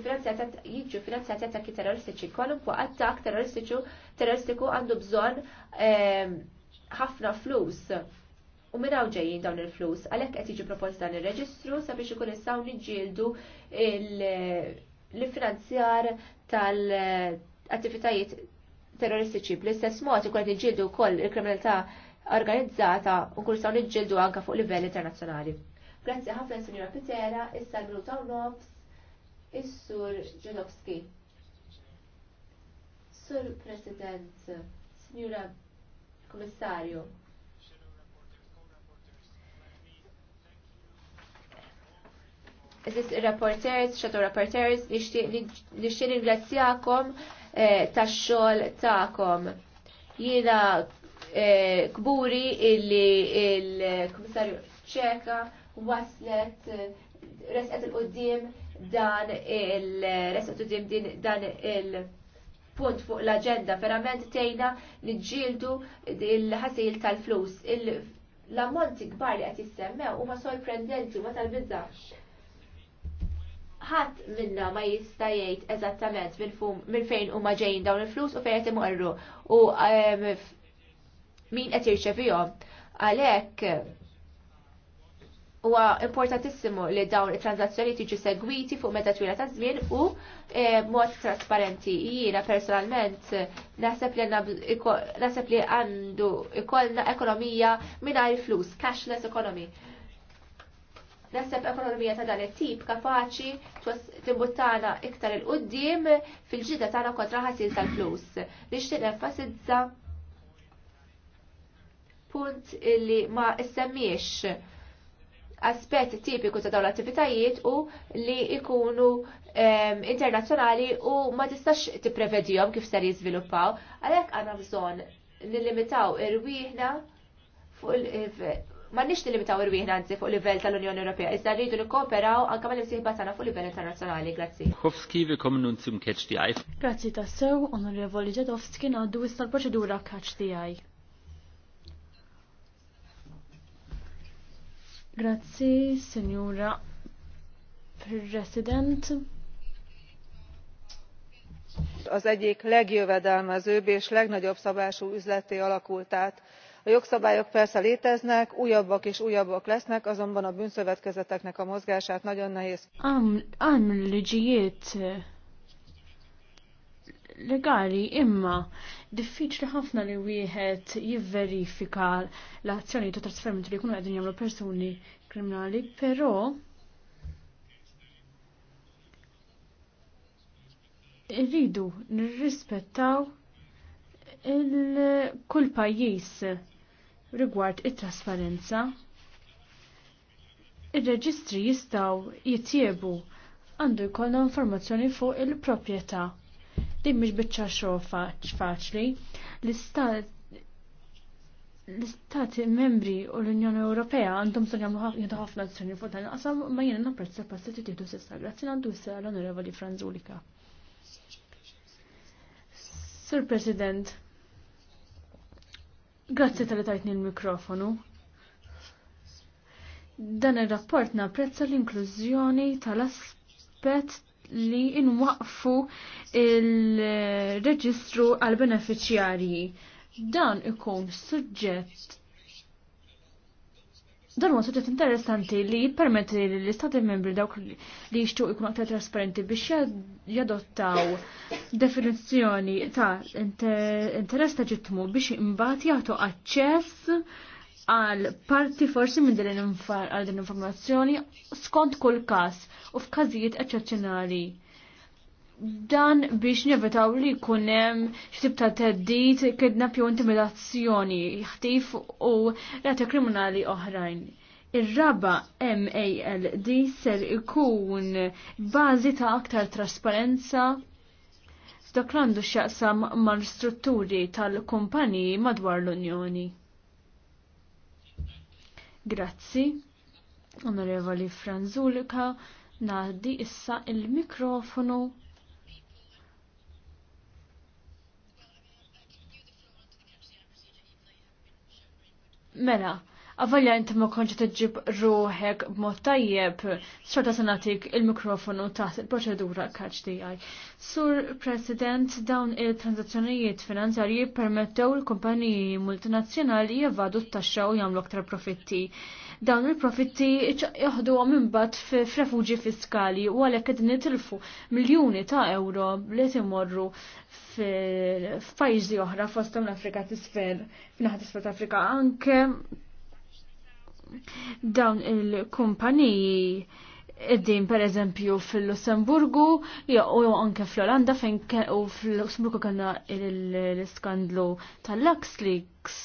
finanzjati attakki terroristiċi. Kwalunkwa attakk terroristiku għandu bżonn eh, ħafna flus. U minna ġejjin dawn il-flus, għalhekk qed jiġi propost dan ir-reġistru sabiex ikun jistaw niġġieldu l-finanzjar tal-attivitajiet terroristiċi bl-istess mod ikun qed iġġieldu wkoll il-kriminalità organizzata u kull sawn iġġieldu anke fuq livell internazzjonali. Grazzi ħafna Signora Pitera, issa l Nofs, is-Sur Ġenowski. Sur President, Sinjura Komissarju, Eżis reporters, xatu rapporters, nixtieq ningrazzjakom Eh, tax-xogħol tagħkom. Jiena eh, kburi illi il-Kummissarju ċeka waslet eh, resqet il-qoddim dan il-resqet il-qoddim din dan il- punt fuq l-agenda verament tejna nġildu il-ħasil tal-flus. L-ammonti kbar li qed jissemmew huma sorprendenti ma tal bizzax ħadd minna ma jista' jgħid eżattament minn fejn huma ġejjin dawn il-flus u fejn qed imorru u ehm, min qed jirċevihom. Għalhekk huwa importantissimu li dawn it-tranzazzjoni tiġi segwiti fuq meta twila ta' żmien u ehm, mod trasparenti. Jiena personalment naħseb li għandu ikollna ekonomija mingħajr flus, cashless economy naħseb ekonomija ta' dan it-tip kapaċi tibbuttana iktar il-qoddim fil-ġida tagħna kontra ħasil tal-flus. Nixtieq nenfasizza punt illi ma issemmiex aspett tipiku ta' dawn l-attivitajiet u li ikunu internazzjonali u ma tistax tipprevedihom kif ser jiżviluppaw. Għalhekk għandna bżonn nillimitaw irwieħna fuq ma nix nilimitaw irwieħna nzi fuq livell tal-Unjoni Ewropea, iżda rridu nikkooperaw anke ma l-imsieħba fuq livell internazzjonali. Grazzi. Hofski willkommen nun zum Catch the Eye. Grazzi tassew, Onorevoli Ġedowski ngħaddu wista l-proċedura Catch the Eye. Grazzi, Signora President. Az egyik legjövedelmezőbb és legnagyobb szabású üzleté alakult át a jogszabályok persze léteznek újabbak és újabbak lesznek azonban a bűnszövetkezeteknek a mozgását nagyon nehéz. għandna liġijiet eh, legali imma diffiċli ħafna li wieħed jivverifika l-azzjoni ta' trasferment li jkunu qegħdin jagħmlu persuni kriminali, però irridu nirrispettaw il-kull pajjiż rigward it-trasparenza. Ir-reġistri jistaw jitjiebu għandu jkollna informazzjoni fuq il-proprjetà. Din mhix biċċa xogħol faċli. L-istat membri u l-Unjoni Ewropea għandhom bżonn jagħmlu ħafna azzjoni fuq dan qasam ma jiena napprezza pass li tieħdu s'issa. Grazzi għandu issa l-Onorevoli Franzulika. Sur President, Grazzi tal tajtni l-mikrofonu. Dan il-rapport napprezza l-inklużjoni tal-aspet li inwaqfu il-reġistru għal-beneficjarji. Dan ikun suġġett Dan huwa suġġett interessanti li jippermetti li l-Istati membri dawk li jixtuq ikun aktar trasparenti biex jadottaw definizzjoni ta' interess ta' ġittmu biex imbagħad jagħtu aċċess għal parti forsi minn din għal din informazzjoni skont kull każ u f'każijiet eċċezzjonali dan biex nevitaw li kunem xtib ta' teddit kedna pju intimidazzjoni, ħtif u rata kriminali oħrajn. Ir-raba MALD ser ikun bazi ta' aktar trasparenza dak l-għandu x'jaqsam mal-strutturi tal kumpani madwar l-Unjoni. Grazzi, Onorevoli Franzulika, naħdi issa il-mikrofonu Mela, Għavalja inti ma konċi tġib ruħek b'mod tajjeb, xorta se nagħtik il-mikrofonu taħt il-proċedura kaċ tiegħi. Sur President, dawn il-transazzjonijiet finanzjarji permettew il-kumpaniji multinazzjonali jevadu t-taxxa u jagħmlu aktar profitti. Dawn il-profitti jaħdu għom imbat f-refugi fiskali u għalhekk qed nitilfu miljuni ta' euro li timorru f'pajjiżi oħra fostom l-Afrika t-isfel, f'naħat isfel Afrika anke dawn il-kumpaniji id-din per eżempju fil-Lussemburgu u anke fl-Olanda fejn u fil-Lussemburgu kena l-skandlu tal-LuxLeaks.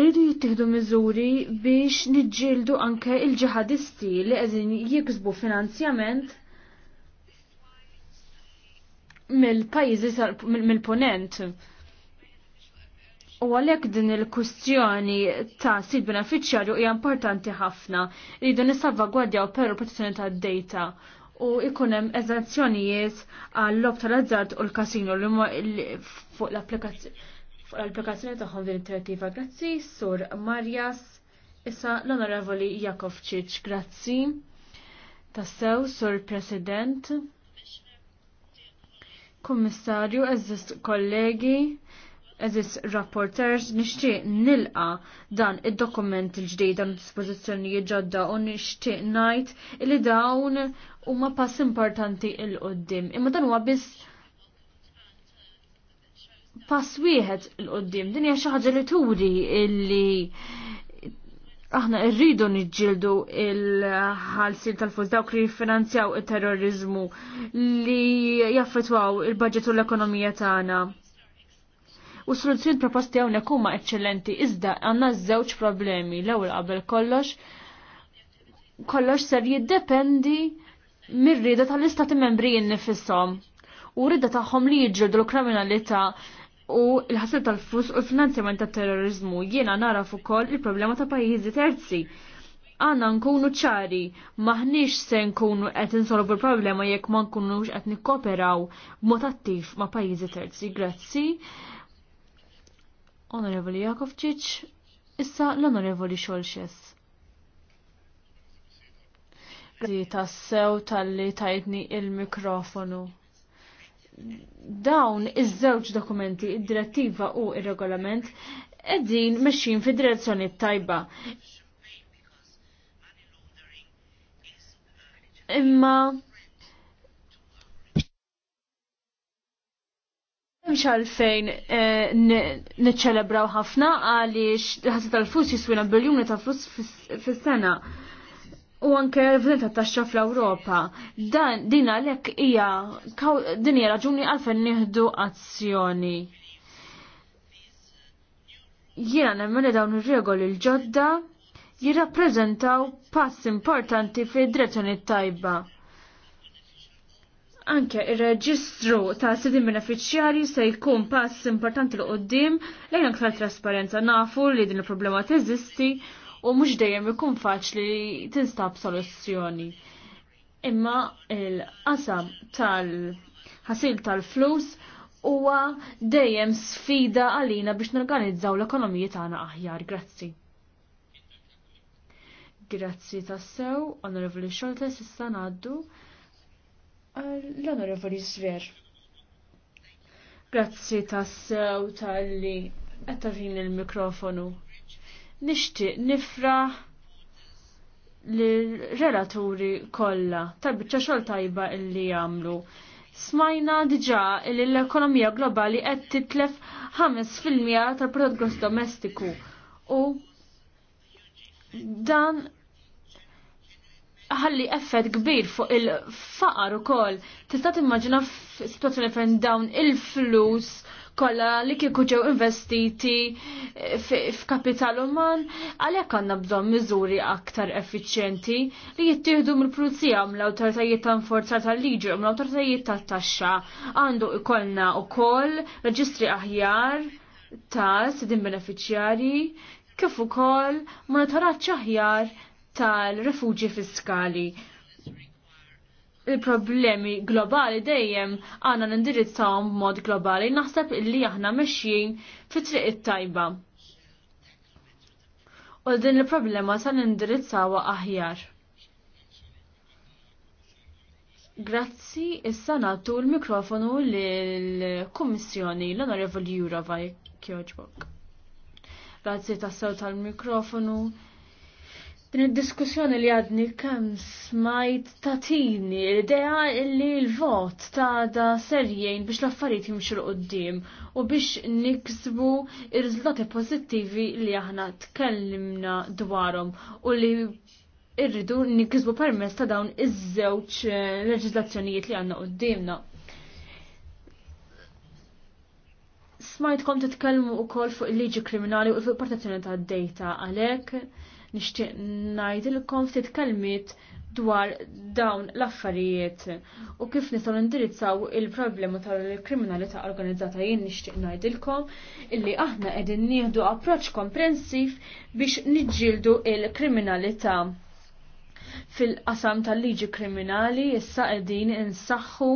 Rridu jittieħdu miżuri biex niġġieldu anke il-ġihadisti li qegħdin jiksbu finanzjament mill-pajjiżi mill-ponent. Mil U għalek din il-kustjoni ta' sil beneficjarju hija importanti ħafna. li Rridu u per protezzjoni ta' data u ikunem eżazzjonijiet għall-lob tal-azzard u l-kasino li fuq l-applikazzjoni tagħhom din it-trattiva. Grazzi, Sur Marjas, issa l-Onorevoli Jakovčić, grazzi. Tassew, Sur President, Kommissarju, eżist kollegi, eżis rapporters nixtieq nilqa dan id-dokument il-ġdid dan dispożizzjoni ġodda u nixtieq ngħid li dawn huma pass importanti il qoddim Imma dan huwa biss pass wieħed il qoddim Din hija xi ħaġa li turi illi aħna rridu niġġieldu il-ħalsil tal-fuż dawk li jiffinanzjaw it-terrorizmu li jaffetwaw il-budget u l-ekonomija tagħna. U soluzzjoni proposti hawnhekk huma eċċellenti, iżda għandna żewġ problemi. L-ewwel qabel kollox kollox ser jiddependi mir-rieda tal-istati membri jinnifisom u rida tagħhom li jiġġeldu l-kriminalità u l-ħasil tal-flus u l-finanzjament tat-terrorizmu. Jiena naraf ukoll il-problema ta' pajjiżi terzi għanna nkunu ċari, maħniex se nkunu qed insolvu l-problema jekk ma nkunux qed nikkoperaw b'mod attiv ma' pajjiżi terzi. Grazzi. Onorevoli Jakovčić, issa l-Onorevoli Xolxes. Grazzi tassew tal-li tajtni il-mikrofonu. Dawn iż-żewġ dokumenti, id-direttiva u il-regolament, eddin meċin fi direzzjoni tajba. Imma Mx għalfejn eh, niċċelebraw ħafna għaliex ħasa tal-flus jiswina biljuni ta' flus fis-sena. U anke l-vdin ta' taxxa fl-Ewropa. Dan din għalhekk hija din hija raġuni għalfejn nieħdu azzjoni. Jiena nemmen li dawn ir-regoli l-ġodda jirrappreżentaw pass importanti fid-direzzjoni tajba Anke ir-reġistru ta' sidin beneficjarji se jkun pass importanti l qoddim lejn aktar trasparenza nafu li din il-problema teżisti u mhux dejjem ikun faċli tinstab soluzzjoni. Imma il-qasam tal-ħasil tal-flus huwa dejjem sfida għalina biex norganizzaw l-ekonomiji tagħna aħjar. Grazzi. Grazzi tassew, Onorevoli Xoltes, issa ngħaddu l-Onorevoli Sver. Grazzi tassew tal-li għattavin il-mikrofonu. Nishti nifra l-relaturi kolla tal-bicċa xol tajba illi jamlu. Smajna diġa li l-ekonomija globali qed titlef 5% tal-prodott gross domestiku u dan ħalli effett kbir fuq il-faqar ukoll. Tista' timmaġina situazzjoni fejn dawn il-flus kollha li kieku ġew investiti eh, f'kapital uman, għalhekk għandna bżonn miżuri aktar effiċjenti li jittieħdu mill-pulizija mill-awtoritajiet ta' forza tal-liġi u mill-awtoritajiet tat-taxxa. Għandu ikollna ukoll reġistri aħjar ta' sidin beneficjari kif ukoll monitoraġġ aħjar tal refugi fiskali. Il-problemi globali dejjem għana nindirizzawhom b'mod globali naħseb illi aħna mexjin fi triq it-tajba. U din il-problema sa nindirizzawha aħjar. Grazzi, issa nagħtu l-mikrofonu lill-Kummissjoni l-Onorevoli Jurava Kjoġbok. Grazzi tassew tal-mikrofonu. Din id-diskussjoni li għadni kemm smajt tatini l-idea li l-vot ta' da serjejn biex l-affarijiet jimxu l-qoddim u biex niksbu ir-riżultati pożittivi li aħna tkellimna dwarhom u li irridu niksbu permess ta' dawn iż-żewġ eh, leġislazzjonijiet li għandna qoddimna. Smajtkom titkellmu wkoll fuq il-liġi kriminali u fuq protezzjoni tad-dejta għalhekk Nixtieq ngħidilkom ftit kalmit dwar dawn l-affarijiet u kif nisaw indirizzaw il-problema tal-kriminalità organizzata jien nixtieq ngħidilkom illi aħna qegħdin nieħdu approċċ komprensiv biex niġġieldu il-kriminalità fil-qasam tal-liġi kriminali issa qegħdin insaħħu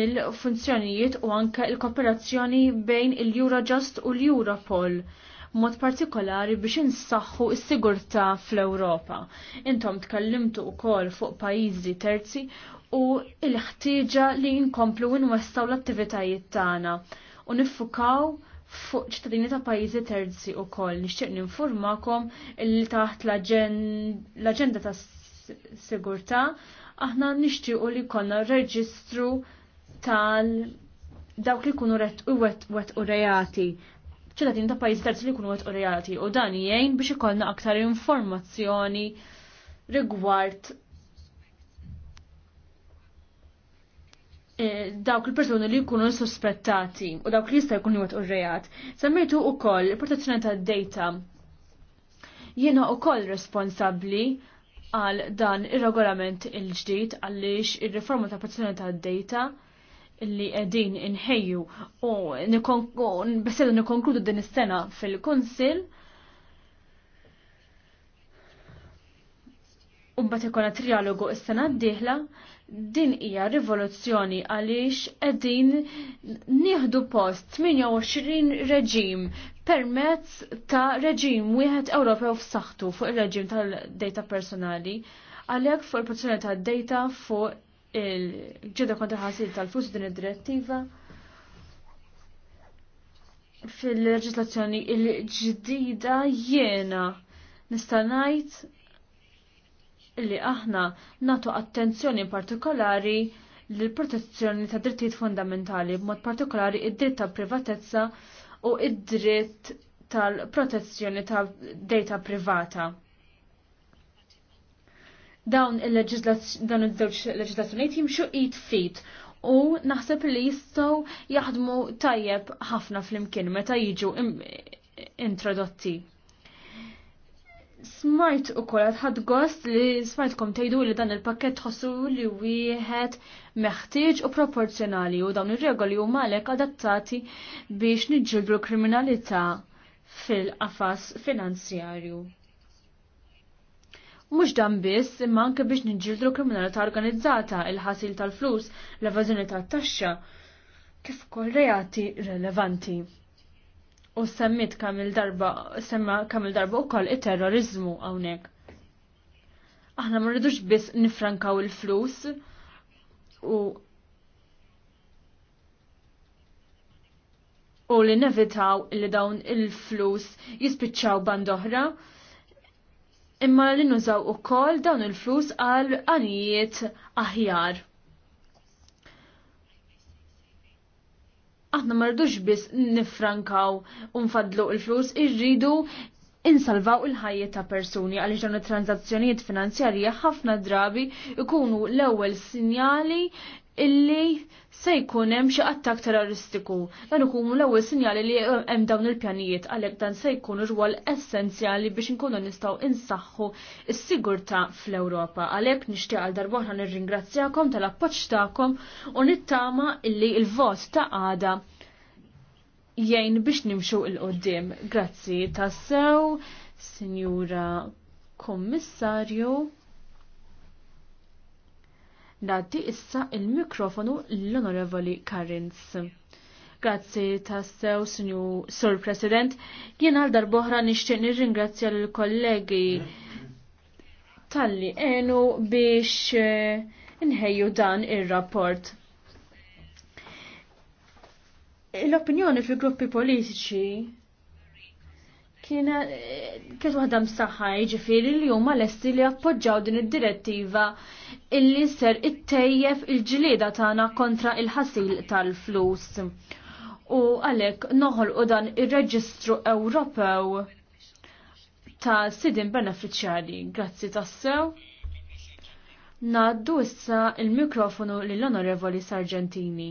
il-funzjonijiet u anke il-kooperazzjoni bejn il-Eurojust u l-Europol mod partikolari biex insaħħu s-sigurtà fl-Ewropa. Intom tkellimtu wkoll fuq pajjiżi terzi u l-ħtieġa li nkomplu nwestaw l-attivitajiet tagħna u niffukaw fuq ċittadini ta' pajjiżi terzi u Nixtieq ninformakom li taħt l-aġenda ta' sigurtà aħna nixtiequ li konna reġistru tal dawk li kunu wet u rejati ċittadini ta' pajis terzi li jkunu qed u dan jgħin biex ikollna aktar informazzjoni rigward eh, dawk il-persuni li jkunu sospettati u dawk li jista' jkunu għet urrejat. Semmejtu u koll protezzjoni ta' data. Jiena u koll responsabli għal dan il-regolament il-ġdid għaliex il-reforma ta' protezzjoni ta' data li qegħdin inħejju u besseda nikkonkludu din is-sena fil-Kunsill. U mbagħad ikolla trialogu is-sena d-dieħla din hija rivoluzzjoni għaliex qegħdin nieħdu post 28 reġim permezz ta' reġim wieħed Ewropew f'saħħtu fuq ir-reġim tal-data personali għalhekk fuq il-protezzjoni tad-data fuq il-ġeda kontra ħasil tal fus din id-direttiva fil-leġislazzjoni il-ġdida jiena nista' ngħid li aħna natu attenzjoni partikolari l-protezzjoni ta' drittijiet fundamentali b'mod partikolari id-dritt ta' privatezza u id-dritt tal-protezzjoni ta' data privata dawn il-żewġ leġislazzjonijiet jimxu id fit u naħseb li jistgħu jaħdmu tajjeb ħafna fl-imkien meta jiġu introdotti. Smart u kolat ħad gost li smartkom tejdu li dan il-pakket tħossu li wieħed meħtieġ u proporzjonali u dawn ir-regoli u malek adattati biex niġġibru kriminalità fil-qafas finanzjarju. Mux dan biss imma anke biex niġġildru kriminalità organizzata, il-ħasil tal-flus, l-evażjoni tat-taxxa, kif ukoll reati relevanti. U semmit kamil darba, semma kamil darba ukoll it-terrorizmu hawnhekk. Aħna ma rridux biss nifrankaw il-flus u u li nevitaw li dawn il-flus jispiċċaw bandoħra. oħra imma li nużaw ukoll dawn il-flus għal għanijiet aħjar. Aħna marduġ biss nifrankaw u il-flus, irridu insalvaw il-ħajja ta' persuni għal dawn it-tranzazzjonijiet finanzjarji ħafna drabi ikunu l-ewwel sinjali illi se jkun hemm xi attak terroristiku. Dan ikunu l-ewwel sinjali li hemm dawn il-pjanijiet għalhekk dan se jkun rwol essenzjali biex inkunu nistgħu insaħħu s-sigurtà fl-Ewropa. Għalhekk nixtieq għal oħra nirringrazzjakom tal-appoġġ tagħkom u nittama illi l-vot ta' għada jgħin biex nimxu il-qoddim. Grazzi tassew, Sinjura Kommissarju. Naddi issa il-mikrofonu l-Onorevoli Karins. Grazzi tassew, Sinju Sur President. Jien għal darboħra nixtieq nirringrazzja l-kollegi tal-li enu biex eh, nħejju dan ir-rapport. L-opinjoni fil-gruppi politiċi Eh, kienet waħda msaħħa ġifiri li huma lesti li appoġġaw din id-direttiva illi ser ittejjef il-ġlieda tagħna kontra il-ħasil tal-flus. U għalhekk noħolqu dan ir-Reġistru Ewropew ta' sidin beneficjari. Grazzi tassew. Naddu issa il-mikrofonu lill-Onorevoli Sargentini.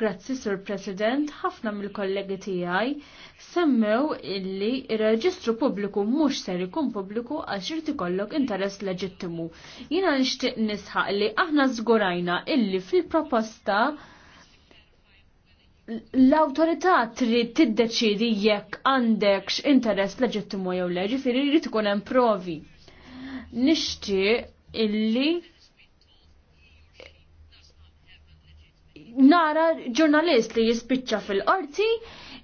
Grazzi, Sur President, ħafna mill-kollegi tiegħi semmew illi ir-reġistru pubbliku mhux ser ikun pubbliku għax irid ikollok interess leġittimu. Jiena nixtieq nisħaq li aħna żgurajna illi fil-proposta l awtorità trid tiddeċidi jekk għandekx interess leġittimu jew leġi firri jrid ikun hemm provi. Nixtieq illi nara ġurnalist li jispiċċa fil-qorti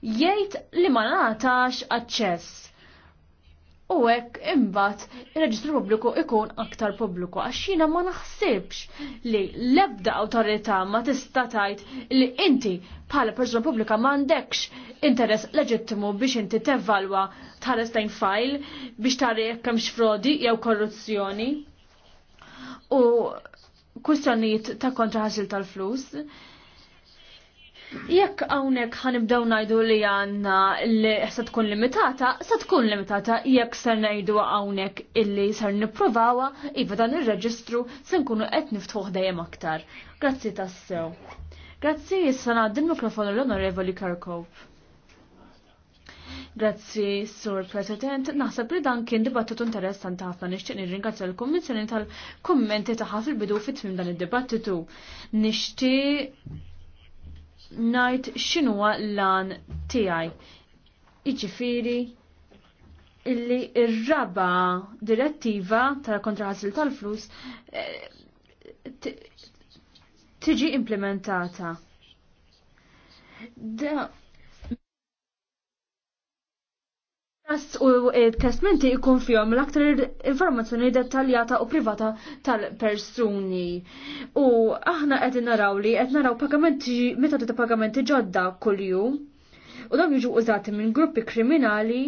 jgħid li ma natax aċċess. U hekk imbagħad ir-reġistru pubbliku ikun aktar pubbliku għax jiena ma naħsibx li l-ebda awtorità ma tista' tgħid li inti bħala persuna pubblika m'għandekx interess leġittimu biex inti tevalwa tħares file biex tara jekk hemmx frodi jew korruzzjoni. U kwistjonijiet ta' kontraħasil tal-flus Jekk hawnhekk ħanibdew ngħidu li għandna li se tkun limitata, se tkun limitata jekk ser najdu hawnhekk illi ser niprovawa, iva dan ir-reġistru se nkunu qed niftuħ dajem aktar. Grazzi tassew. Grazzi issa din mikrofonu l-Onorevoli Karkov. Grazzi, Sur President. Naħseb li dan kien dibattitu interessanti ħafna nixtieq nirringrazzja l-Kummissjoni tal-kummenti tagħha fil-bidu fit-tmim dan id-dibattitu. Nixtieq najt xinuwa lan tijaj. Iġifiri, illi ir-raba direttiva tal-kontraħasil tal-flus eh, tiġi implementata. Da, As u e, testmenti ikun fjom l-aktar informazzjoni dettaljata u privata tal-persuni. U aħna qed naraw li qed naraw pagamenti metodi ta' pagamenti ġodda kuljum. U dawn jiġu użati minn gruppi kriminali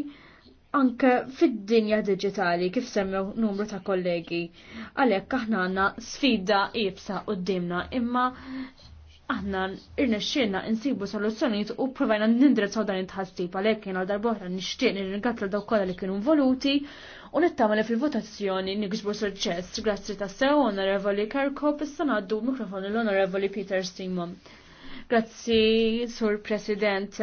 anke fid-dinja digitali kif semmew numru ta' kollegi. Għalhekk aħna għandna sfida ibsa qudiemna imma aħna irnexxielna insibu soluzzjonijiet u provajna nindrezzaw dan it-tħassib għalhekk kien għal darb'oħra nixtieq nirringrazzja dawk kollha li kienu involuti u nittama li fil-votazzjoni niksbu suċċess. Grazzi ta' sew Onorevoli Kerkop issa ngħaddu mikrofonu l-Onorevoli Peter Simon. Grazzi, Sur President.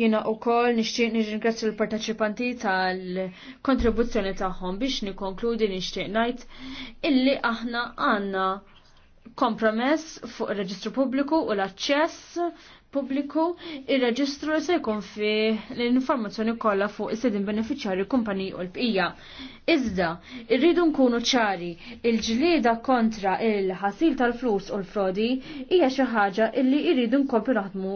Jina u koll nishtiq nirringrazzja l-parteċipanti tal-kontribuzzjoni tagħhom biex nikonkludi nixtieq ngħid illi aħna għandna kompromess fuq il-reġistru pubbliku u l-aċċess pubbliku, il-reġistru se jkun fi l-informazzjoni kollha fuq is-sedin beneficjarju kumpani u l-bqija. Iżda, irridu nkunu ċari, il-ġlieda kontra il-ħasil tal-flus u l-frodi hija xi ħaġa illi irridu nkomplu naħdmu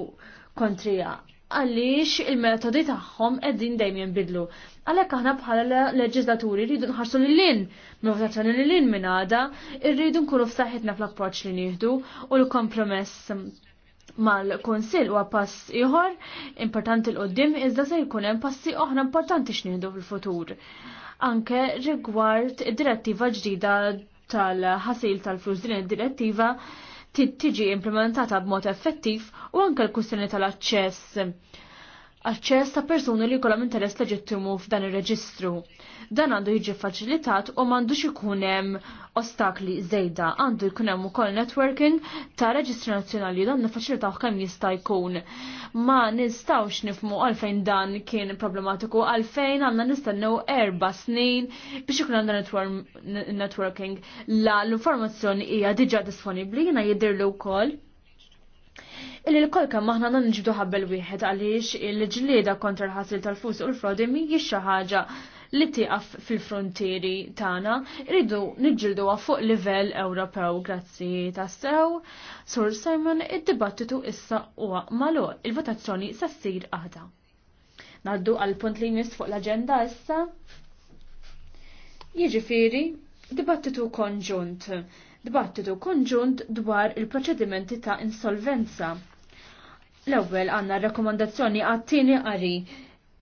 kontrija għaliex il-metodi tagħhom qegħdin dejjem jinbidlu. Għalhekk aħna bħala leġislaturi rridu nħarsu l lin votazzjoni l lin minn għada, rridu nkunu f'saħħitna fl-approċċ li nieħdu u l-kompromess mal-konsil u pass ieħor importanti l-qoddim iżda se jkun hemm passi oħra importanti x'nieħdu fil-futur. Anke rigward id-direttiva ġdida tal-ħasil tal-flus din id-direttiva tiġi implementata b'mod effettiv u anke l-kustjoni tal-aċċess aċċess ta' persuni li jkollhom interess leġittimu f'dan ir-reġistru. Dan għandu jiġi faċilitat u m'għandux ikun hemm ostakli żejda, għandu jkun hemm ukoll networking ta' reġistri nazzjonali dan nifaċilitaw kemm jista' jkun. Ma nistgħux nifmu għalfejn dan kien problematiku għalfejn għandna nistennew erba' snin biex ikun għandna networking la l-informazzjoni hija diġà disponibbli jiena jidhirlu wkoll illi l koll kam aħna nan nġibdu ħabbel wieħed għaliex il-ġlieda kontra l-ħasil tal fus u l-frodi mhijiex xi ħaġa li tieqaf fil-frontieri tagħna, rridu niġġilduha fuq livell Ewropew grazzi ta' sew. Sur Simon id-dibattitu issa huwa magħluq, il-votazzjoni sa ssir għada. Naddu għal punt li jmiss fuq l-aġenda issa. Jiġifieri, dibattitu konġunt dibattitu konġunt dwar il-proċedimenti ta' insolvenza. L-ewwel għandna rakkomandazzjoni għat-tieni qari